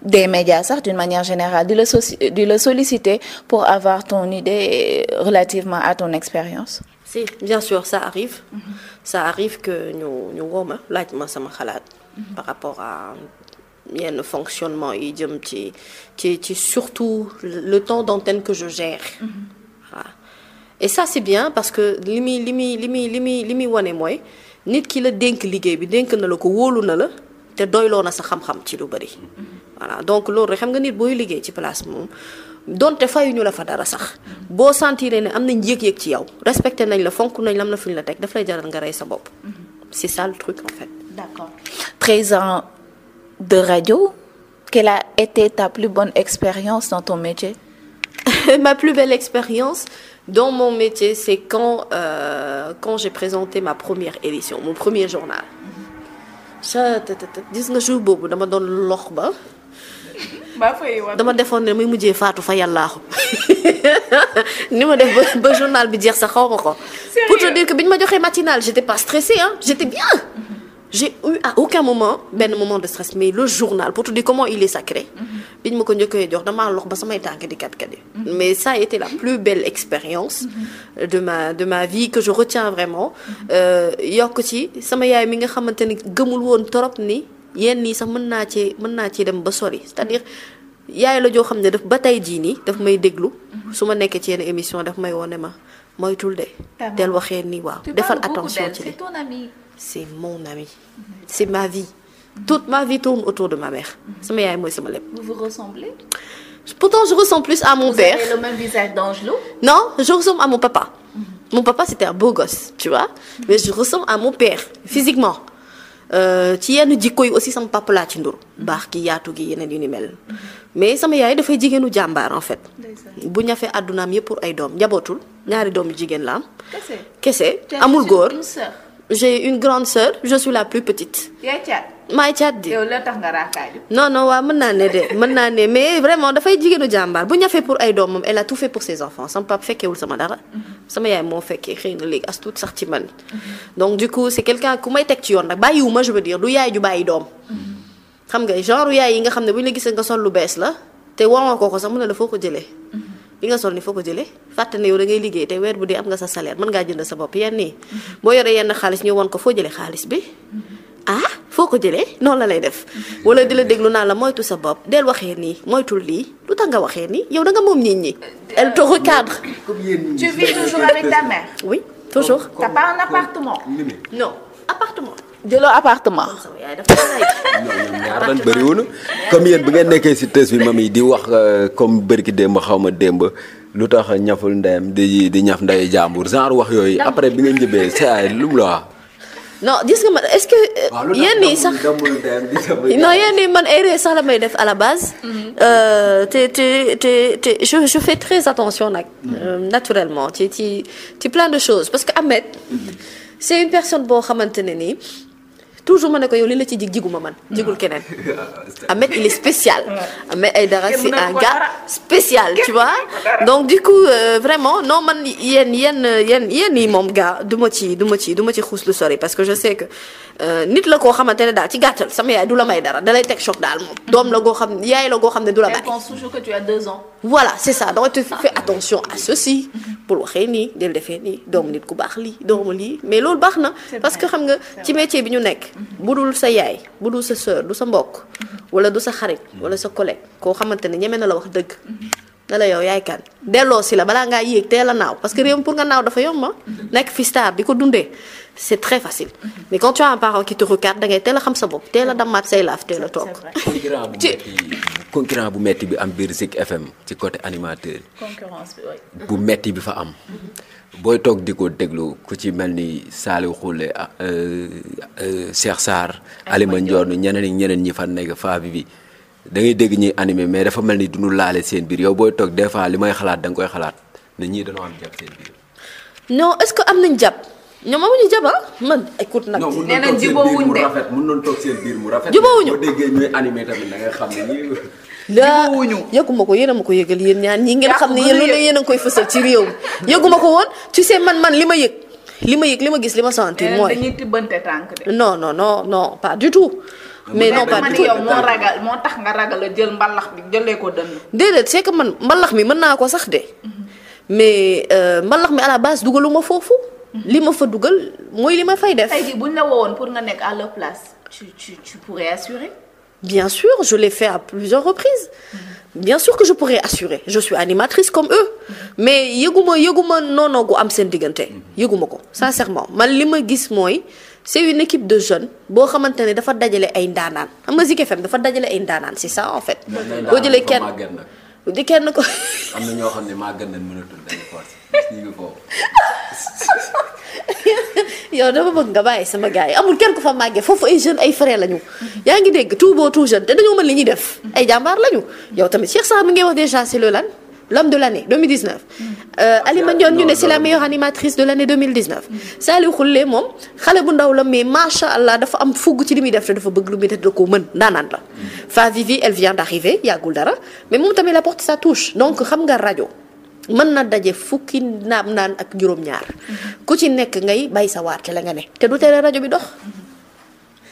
des médias sax d'une manière générale di la so di la solliciter pour avoir ton idée relativement à ton expérience. si bien sûr ça arrive. Mm que ñu ñu woo ma laaj ma sama xalaat. Mm-hmm. par yi jëm ci ci ci surtout le temps d'antenne que je gère. et ça c'est bien parce que li muy li muy li muy li muy li muy wane mooy nit ki la dénk liggéey bi dénk na la ko wóolu na la te doyloo na sa xam-xam ci lu bëri. donc loolu rek xam nga nit booy liggéey ci place moom donte fayuñu la fa dara sax boo sentiree ne am nañ yëg-yëg ci yow respecté nañ la fonk nañ la na fu la teg daf lay nga rey sa bopp. c'est ça le truc en fait. d'accord 13 de radio. Quelle a été ta plus bonne expérience dans ton métier? Ma plus belle expérience. dans mon métier, c'est quand, euh, quand j'ai présenté ma première édition, mon premier journal. gis nga jour boobu dama doon lox ba. dama defoon ne muy mujjee faatu fa yàllaaxu ni ma def ba ba journal bi jeex sa xaw ko. pour te dire bi ñu ma joxee matinale j'étais pas stressée hein j'étais bien. j'ai eu à aucun moment benn moment de stress mais le journal pour te dire comment il est sacré. Mm-hmm. biñ ma ko njëkkee jox damaa lox ba samay tànk di kat kat mm-hmm. mais ça a été la plus belle expérience. Mm-hmm. de ma de ma vie que je retiens vraiment. Euh, yokk ci sama yaay mi nga xamante ni gëmul woon torop ni yenn yi sax mën naa ci mën naa cee dem ba soli c'est-à-dire. yaay la joo xam ne daf ba tey jii nii daf may déglu su ma nekkee ci yenn émission daf may wone ma moytul de. del waxee ni waaw defal attention ci li c'est mon ami. Mhm. c'est ma vie. Mhm. toute ma vie tourne autour de ma mère. Mhm. sama yaay mooy sama lépp. vous vous ressemblez. pourtant je ressemble plus à mon vous père. vous avez le même visage d'Angelo. non je ressemble à mon papa. mon papa c'était un beau gosse tu vois. mais je ressemble à mon père physiquement. Euh, ci yenn jikko yi aussi sama papa laa ci ndur baax ki yaatu gi yeneen yu ni mel mais sama yaay dafay jigéenu jàmbaar en fait bu ñafee àddunaam yëpp pour ay doom njabootul ñaari doom jigéen la am kese amul góor j'ai une grande sœur je suis la plus petite maay caat di. yow la tax nga raakaaju. non non mën naa ne de mën naa ne mais vraiment dafay jigéenu jàmbaar bu ñafee pour ay doomam elle a tout fait pour ses enfants sama papa fekkeewul sama dara. sama yaay moo fekkee xëy na léegi as tuut sax ci man. donc du coup c'est quelqu'un ku may teg ci yoon nag bàyyiwu ma je veux du yaay ju bàyyi doom. xam nga genre yaay yi nga xam ne bu ñu la gisee nga sol lu bees la te waroo ko ko sax mën na la foo ko jëlee. li nga sol ni foo ko jëlee fàtte ne yow da liggéey te weer bu dee am nga sa salaire mën ngaa jënd sa bopp yenn yi boo yenn xaalis ñu won ko foo jëlee xaalis bi ah foo ko jëlee noonu la lay def wala di la déglu naa la moytu sa bopp del waxee nii moytul lii lu tax nga waxee nii yow da nga moom nit ñi. elle te recadre. tu vis toujours avec ta mère. oui toujours. t'as appartement. jëloo appartement. comme yéen bi ngeen nekkee si tës bi mam yi di wax euh, comme bërki démb xaw ma démb lu tax ñaful ndeyam di di ñaf ndeyu jàmbur genre wax yooyu après bi nga njëbee saa lu mu la non gis nga man est-ce que. yenn yi sax non yenn yi man ay sax la may def à la base. Mm-hmm. Euh, te te te te je je fais très attention nag. Mm-hmm. Euh, naturellement ci ci ci plein de choses parce que Ahmed. Mm-hmm. c'est une personne boo xamante ne nii. toujours ma ne ko yow li la ci jig jiguma man jigul keneen Ahmed il est spécial Ahmed Aïdara c'est un gar spécial tu vois donc du coup euh, vraiment non man yéen yéen yéen yéen yi moom gars du ma ci du ci du ma ci xuus lu sori parce que je sais que euh, nit la koo xamante ne daal ci gàttal sama yaay du la may dara dalay teg choc daal moom doom la goo xam yaay la goo xam ne du la bàyyi. Elle pense toujours que tu voilà c'est ça donc tu fais attention à ceci pour waxee nii del defee nii doomu nit ku baax lii doomu lii mais loolu baax na parce que xam nga ci métier bi ñu nekk bu dul sa yaay bu dul sa sœur du sa mbokk wala du sa xarit wala sa collègue koo xamante ne ñeme na la wax dëgg ne la yow yaay kan delloo si la balaa ngaa yéeg teel a naaw parce que réew pour nga naaw dafa yomb ah. nekk fi star di ko dundee c' est très facile mais quand tu as un da ngay teel a xam sa bopp teel a dammaat say laaf teel a toog. ci concurrent bu metti bi am biir Zik FM ci côté animateur. bu metti bi fa am. booy toog di ko déglu ku ci mel ni Saliou Khoule ah, euh, euh, Cheikh Sarr Alima Ndione ñeneen ak ñeneen ñi fa nekk faabi bi da ngay dégg ñuy anime mais dafa mel ni du laale seen biir yow booy toog des fois li mooy xalaat da koy xalaat ne ñii dañoo am jàpp seen biir. non est-ce que am nañ jàpp. ñoom amuñu jaba na jubóowuñ de non jubóowuñu yëguma ko yéen ma ko yëgal yéen ñaan ñi ngeen xam ne yéen lu ne yéen a koy fësal ci réew mi yëguma ko woon ci seen man man li ma yëg li ma yëg li ma gis li ma sentir eh, mooy dañuy tibbante tànk de non non non non pas mais non pas du moo tax nga ragal a jël mbalax bi jëlee ko dënn déedéet c'est que man mbalax mi mën naa ko sax de mhm. mais euh, mbalax mi à la base dugaluma foofu mhm. li ma fa dugal mooy li ma fay def tey jii buñ la woowoon pour nga nekk à leur place tu tu tu Bien sûr, je l'ai fait à plusieurs reprises. bien sûr que je pourrais assurer je suis animatrice comme eux mais yëguma yëguma noonoo gu am seen diggante yëguma ko sincèrement man li ma gis mooy c'est une équipe de jeunes boo xamante ne dafa dajale ay ndaanaan xam nga Zik fem dafa dajale ay ndaanaan c'est ça en fait boo jëlee kenn di kenn ko am na ñoo xam ne maa gën yow dama bëgg nga bàyyi sama gars yi amul kenn ku fa màggee foofu ay jeunes ay frères lañu. yaa ngi dégg tout beau tout jeune te dañoo mën li ñuy def. ay jàmbaar lañu. yow tamit Cheikh Sarr mi ngay wax déjà c'est le lan l'homme de l'année 2019. Ali Mandione ñu ne c'est la meilleure animatrice moom xale bu ndaw la mais macha allah dafa am fugg ci li muy def te dafa bëgg lu muy def da koo mën ndaanaan la. Mm. Fa Vivi elle vient d'arriver yàggul dara mais moom tamit la porte sa touche donc xam nga rajo. mën na daje fukki naam naan ak juróom-ñaar ku ci nekk ngay bay sa waar ci la nga ne te du tere rajo bi dox.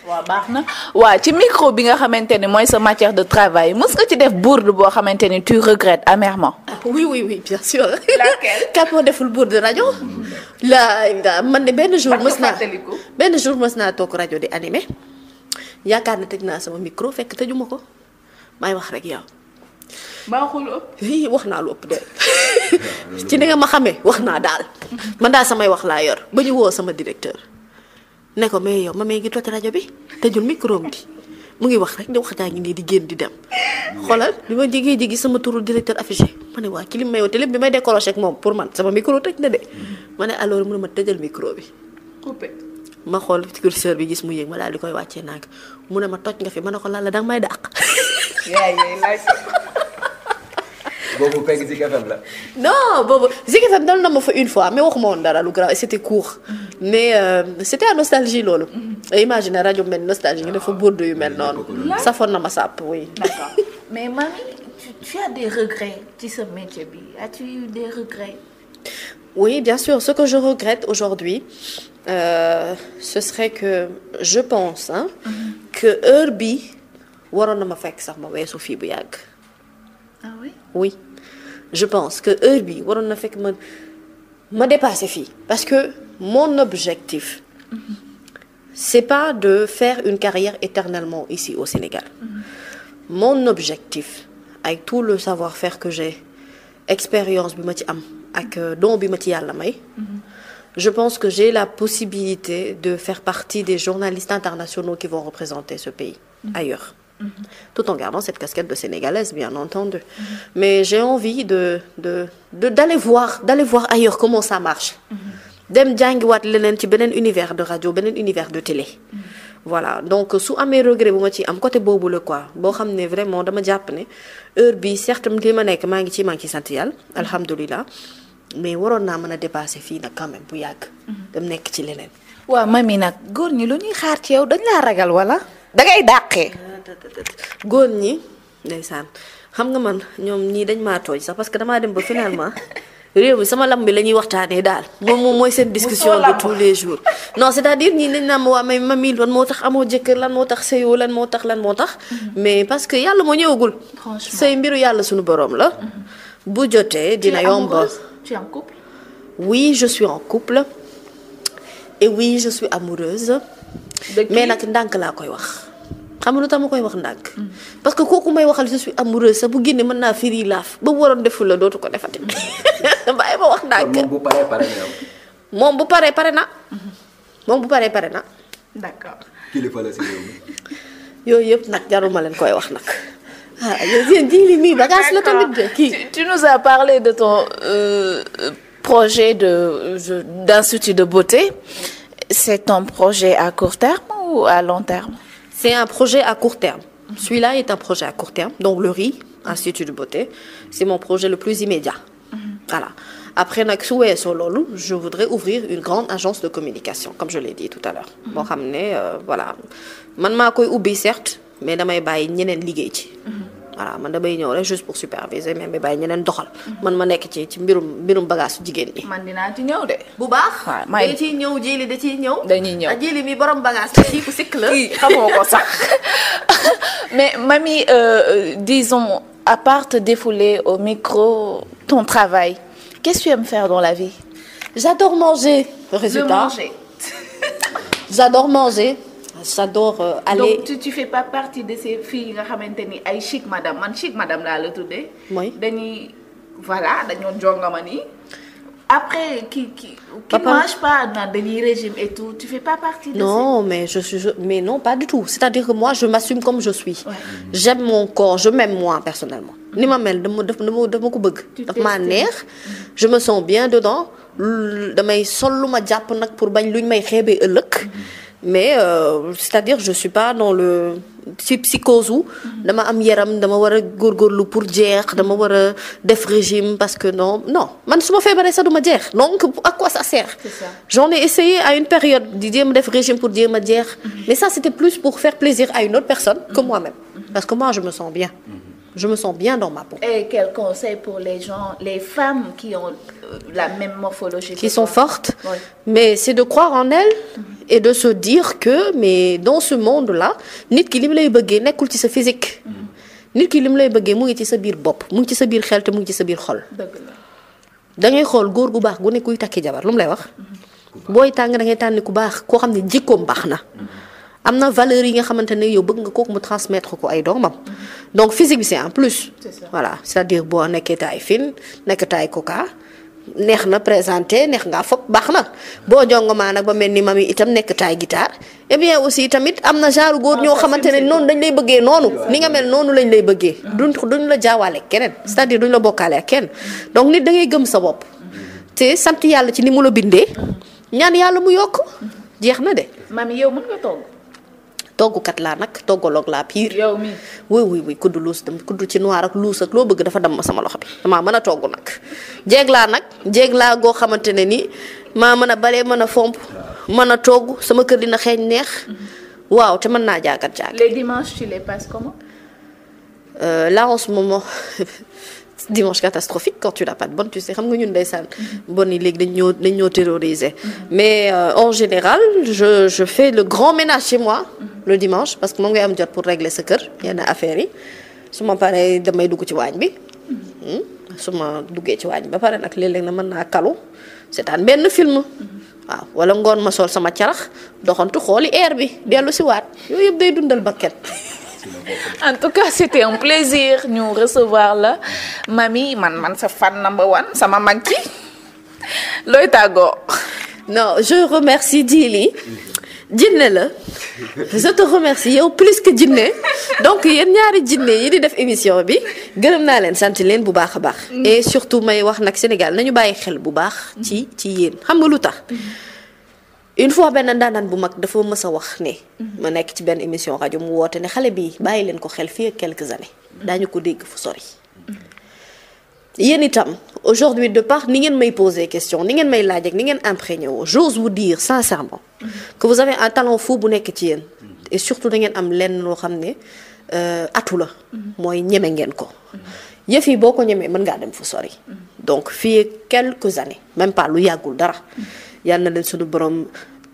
waaw baax na waaw ci micro bi nga xamante ne mooy sa matière de travail mës nga ci def bourde boo xamante ni tu regrettes amèrement. ah oui oui deful bourde rajo. la man de benn jour. mës naa benn jour mës naa toog rajo di animé yaakaar na tëj naa sama micro fekk tëjuma ko may wax rek yow. baaxul ëpp. wax naa lu ëpp de ci ni nga ma xame wax naa daal man daal samay wax laa yor ba ñu woo sama directeur ne ko mais yow ma mee ngi toj rajo bi tëjul micro bi mu ngi wax rek di wax jaa ngi nii di génn di dem. xoolal bi ma jigee jigi sama turu directeur affiché ma ne waa ki li may wote lépp bi may décroché ak moom pour man sama micro tëj na de ma ne alors mu ne ma tëjal micro bi. coupé ma xool curseur bi gis mu yéeg ma daal di koy wàccee nag mu ne ma toj nga fi ma ne ko lan la danga may dàq. boobu pegg Zik FM la. non boobu Zik FM dal na ma fa une fois mais waxuma woon dara lu grave c' était court. mais euh, à nostalgie loolu. et imagine rajo mel nostalgie nga dafa burdu yu mel noonu. safoon na ma sàpp oui. mais mami tu, as des regrets ci sa bi as-tu eu des regrets. oui bien sûr ce que je regrette aujourd'hui euh, ce serait que je pense mm-hmm. que heure bi waroon na ma fekk sax ma weesu fii bu yàgg. Ah oui oui. je pense que heure bi waroon na fekk ma ma dépassé fii parce que mon objectif c'est pas de faire une carrière éternellement ici au Sénégal mon objectif avec tout le savoir-faire que j'ai expérience bi ma ci am ak euh, don bi ma ci yàlla may je pense que j'ai la possibilité de faire partie des journalistes internationaux qui vont représenter ce pays ailleurs Mhm. tout en gardant cette casquette de sénégalaise, bien entendu. Mhm. Mais j'ai envie de de d'aller voir d'aller voir ailleurs comment ça marche. Mhm. dem jàngiwaat leneen ci beneen univers de radio beneen univers de télé. voilà donc su amee regret bu ma ci am côté boobu la quoi boo xam ne vraiment dama jàpp ne heure bi certes li ma nekk maa ngi ci maa ngi ci sant yàlla alhamdulilah mais waroon naa mën a dépasé fii nag quand bu yàgg. dem nekk ci leneen. waaw mami nag góor ñi lu ñuy xaar ci dañ laa ragal wala. da ngay dàqee. góor ñi ndeysaan xam nga man ñoom ñii dañ maa tooñ sax parce que damaa dem ba finalement réew mi sama lam bi la ñuy waxtaanee daal moom moom mooy seen discussion de tous les jours non c'est-à-dire ñii dañ naan ma waa may mami lan moo tax amoo jëkkër lan moo tax sëyoo lan moo tax lan moo tax mm-hmm. mais parce que yàlla moo ñëwagul sëy mbiru yàlla suñu boroom la mm-hmm. bu jotee dina yomb tu es en couple oui je suis en couple et oui je suis amoureuse mais nag ndànk laa koy wax xam nga lu tax ma koy wax ndànk. parce que kooku may waxal je suis amoureuse sax bu génne mën naa firi laaf ba mu waroon deful la dootu ko defati bàyyi ma wax ndànk. moom bu paree pare na moom bu paree pare na. moom bu paree pare na. d'accord. kilifa la yooyu yëpp nag jaruma leen koy wax nag. ah yéen jii kii. tu nous as parlé de ton euh, projet de d'institut de beauté. c'est ton projet à court terme ou à long terme. C'est un projet à court terme. Celui-là est un projet à court terme. Donc le riz, institut de beauté, c'est mon projet le plus immédiat. Mhm. Voilà. Après Naksou et Sololou, je voudrais ouvrir une grande agence de communication, comme je l'ai dit tout à l'heure. Mhm. Bon, ramener, euh, voilà. Man ma certes, mais damay bayyi ñeneen liggéey ci. Mhm. voilà man damay ñëw rek juste pour superviser mais mi bàyyi ñeneen doxal. man ma nekk ci ci mbirum mbirum bagage jigéen ñi. man dinaa ci ñëw de. bu baax. waaw may da ciy ñëw jéeli da ciy ñëw. dañuy ñëw ah jéeli mi borom bagage te kii ku sikk la. xamoo ko sax mais mami euh, euh, disons à part te défouler au micro ton travail qu'est-ce que faire dans la vie. j'adore manger. résultat j'adore manger. j'adore euh, aller donc tu tu partie de ces filles yi nga xamante ni ay chic madame man chic madame laa la tuddee. mooy dañuy voilà dañoo jongama nii. après qui qui qui ne mange pas dans des régimes et tout tu fais pas partie de non mais je suis je, mais non pas du tout c'est-à-dire que moi je m'assume comme je suis j'aime mon corps je m'aime moi personnellement ni ma mel dama dama dama ko bëgg daf maa neex je me sens bien dedans damay sol lu ma jàpp nag pour bañ luñ may xeebee ëllëg mais euh, c'est-à-dire je suis pas dans le ci psychose wu mhm. dama am yaram dama war a góorgóorlu pour jeex dama war a def régime parce que non non man su ma feebaree sax du ma jeex donc à quoi ça sert j'en ai essayé à une période di jéem a def régime pour jéem a jeex mhm. mais ça c'était plus pour faire plaisir à une autre personne que mhm. moi-même parce que moi je me sens bien je me sens bien dans ma peau. Et quel conseil pour les gens, les femmes qui ont euh, la même morphologie? Qui sont fortes, oui. mais c'est de croire en elles. Mm-hmm. et de se dire que mais dans ce monde là nit ki li mu lay bëggee nekkul ci sa physique. Mm-hmm. nit ki li mu lay bëggee mu ngi ci sa biir bopp mu ngi ci sa biir xel te mu ngi ci sa biir xol. da ngay xool góor gu baax gu ne kuy takki jabar lu mu lay wax. Mm-hmm. booy tàng da ngay tànn ku baax koo xam ne jikkoom baax na. Mm-hmm. am na valeur yi nga xamante ne yow bëgg nga kooku mu transmettre ko ay doomam donc physique bi c'est en plus. C'est voilà c'est-à-dire boo nekkee taay fin nekk taay coca. neex na présenté neex nga fopp baax na boo jongomaa nag ba mel ni mami itam nekk taay guitare et eh aussi tamit am na genre góor ñoo ah, xamante ne noonu dañ lay bëggee noonu ni nga mel noonu lañ lay bëggee duñ duñ la jaawaale keneen c'est-à-dire duñ la bokkaale ak kenn donc nit dangay ngay gëm sa bopp te sant yàlla ci ni mu la bindee ñaan yàlla mu yokk jeex na de. mami yow mën toggukat laa nag toggaloog laa pire. yow mi wuy wuy wuy kudd luus dem kudd ci noir ak luus ak loo bëgg dafa damm sama loxo bi damaa mën a togg nag. jéeg laa nag jéeg laa goo xamante ne ni maa mën a bale mën a fomp mën a togg sama kër dina xeeñ neex mhm. waaw te mën naa jaagat jaag. les dimanches tu les passes comment. Euh, la dimanche catastrophique quand tu n'as pas de bonne tu sais xam nga ñun ndeysaan mm-hmm. bon yi léegi dañ ñoo dañ ñoo mm-hmm. mais euh, en général je fais le grand ménage chez moi mm-hmm. le dimanche parce que moom ngay am jot pour régler sa kër yenn affaires yi su ma paree damay dugg ci waañ bi hmm? su ma duggee ci waañ bi ba pare nag léeg-léeg na mën naa kalu seetaan benn film waaw wala ngoon ma sol sama carax doxantu xooli air bi dellu si waat yooyu yëpp day dundal bakket en tout cas c'était un plaisir ñu recevoir la mami man man sa fan number one sama mag ki looy tàggoo. non je remercie Djily jinne la je te remercie yow plus que jinne donc yéen ñaari jinne yi di def émission bi gërëm naa leen santi leen bu baax a baax. et surtout may wax nag Sénégal nañu bàyyi xel bu baax. ci ci yéen xam nga lu tax. une fois benn ndaanaan bu mag dafa mës a wax ne. ma nekk ci benn émission rajo mu woote ne xale bi bàyyi leen ko xel fii ak quelques années. daañu ko dégg fu sori. yéen itam aujourd'hui de part ni ngeen may poser question ni ngeen may laaj ak ni ngeen imprégné woo j'ose vous dire sincèrement. que vous avez un talent fou bu nekk ci yéen. et surtout da ngeen am lenn loo xam ne euh, atu la. mooy ñeme ngeen ko. yëf boo ko ñemee mën ngaa dem fu sori. donc fii quelques années même pas lu yàggul dara. yal na leen suñu borom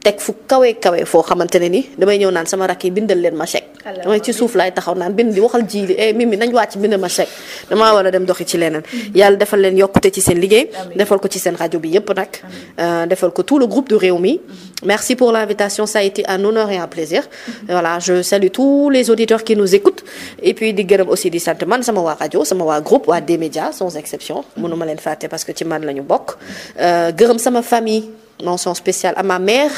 teg fu kawe kawe foo xamante ne ni damay ñëw naan sama rakk yi bindal leen ma chèque. damay ci suuf laay taxaw naan bind di waxal ji li eh mimi nañ wàcc bind ma chèque damaa war a dem doxi ci leneen. Mm-hmm. yàlla defal leen yokkute ci seen liggéey. defal ko ci seen rajo bi yëpp nag. Euh, defal ko tout le groupe de Rewmi. Mm-hmm. merci pour l'invitation ça a été un honneur et un plaisir. Mm-hmm. voilà je salue tous les auditeurs qui nous écoutent. et puis di gërëm aussi di sant man sama waa rajo sama waa groupe waa D-Média sans exception mënuma leen fàtte parce que ci man la ñu bokk euh, gërëm sama fami mention spéciale à ma mère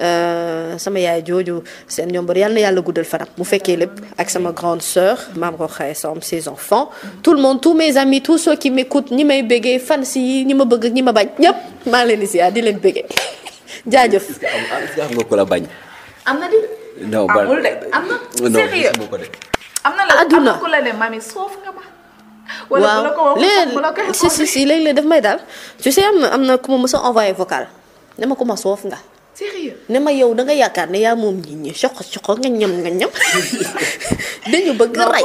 euh, sama yaay jooju seen ñoom bari yàlla na yàlla guddal fanam mu fekkee lépp ak sama grande sœur Mame Rokhaya Samb ses enfants tout le monde tous mes amis tous ceux qui m'écoutent ñi may béggee fan si ñi ma bëgg ñi ma bañ ñëpp maa leen di siyaar di leen bëggee jaajëf. am nga ko wala bu la ko waxee si si si léeg-léeg daf may daal. tu sais am na am na ku ma mës a envoyé vocal ne ma ma soof nga. sérieux ne ma yow da nga yaakaar ne yaa moom nit ñi soxo soxo nga ñam nga ñam dañu bëgg a rey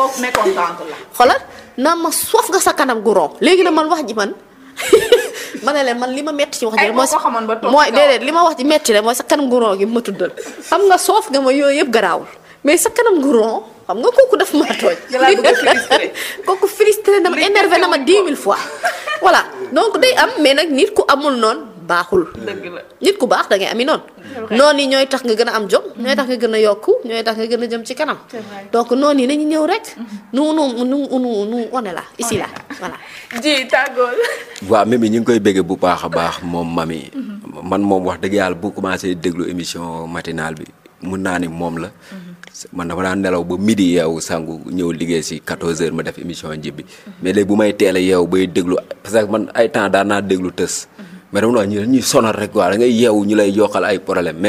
xoolal naa ma soof nga sa kanam gu léegi la man wax ji man. ma ne leen man li ma metti ci wax ji mooy déedéet li ma wax ji metti la mooy sa kanam gu gi gi ma tuddal xam nga soof nga ma yooyu yëpp garaawul mais sa kanam gu xam nga kooku def ma tooñ. kooku frustré na ma énervé na ma di mille fois. voilà donc day am mais nag nit ku amul noon baaxul. nit ku baax da ami noon noonu yi ñooy tax nga gën a am jom. Mm-hmm. ñooy tax nga gën a yokku ñooy tax nga gën a jëm ci kanam. donc noon yi nañu ñëw rek. Mm-hmm. nu nu nu nu nu on est là ici ñu ngi koy bëgg bu baax a baax moom mami. Mm-hmm. man moom wax dëgg yàlla bu commencé déglu émission matinale bi mun naa ni moom la. man dama daan nelaw ba midi yeewu sangu ñëw liggéey si 14h ma def émission njibbi mais léegi bu may teel a yeewu bay déglu parce que man ay temps daan naa tës. mais dama doon ñuy sonal rek waa da ngay yeewu ñu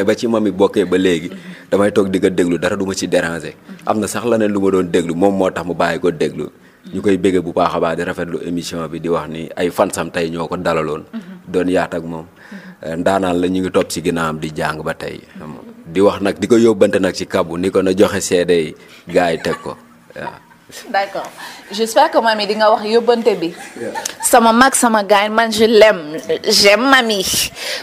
ba ci ma bokkee ba léegi damay toog di nga déglu dara du ma ci déranger. am na sax leneen lu ma doon déglu moom moo tax mu bàyyi ko déglu. ñu koy béggee bu baax a baax di rafetlu émission bi di wax ni ay fansam tey ñoo ko dalaloon. doon yaat ak moom. ndaanaan la ñu ngi topp ci ginnaawam di jàng di wax nag di ko yóbbante nag ci kabu ni ko na joxe seede yi teg ko waaw. d'accord j'espère que mami di nga wax yóbbante bi. sama mag sama gars yi man je l'aime j'aime mami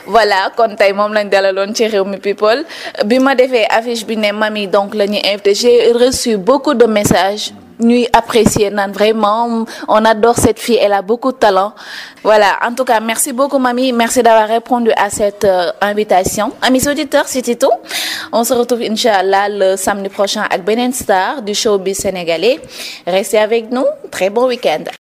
voilà kon tey moom lañ dalaloon ci réew Rewmi People bi ma defee affiche bi ne mami donc la ñuy invité j'ai reçu beaucoup de message ñuy apprécier naan vraiment on adore cette fille elle a beaucoup de talent voilà en tout cas merci beaucoup Mamy merci d'avoir répondu à cette euh, invitation amis auditeurs c'était tout on se retrouve inchallah le samedi prochain ak beneen star du showbiz sénégalais restez avec nous très bon week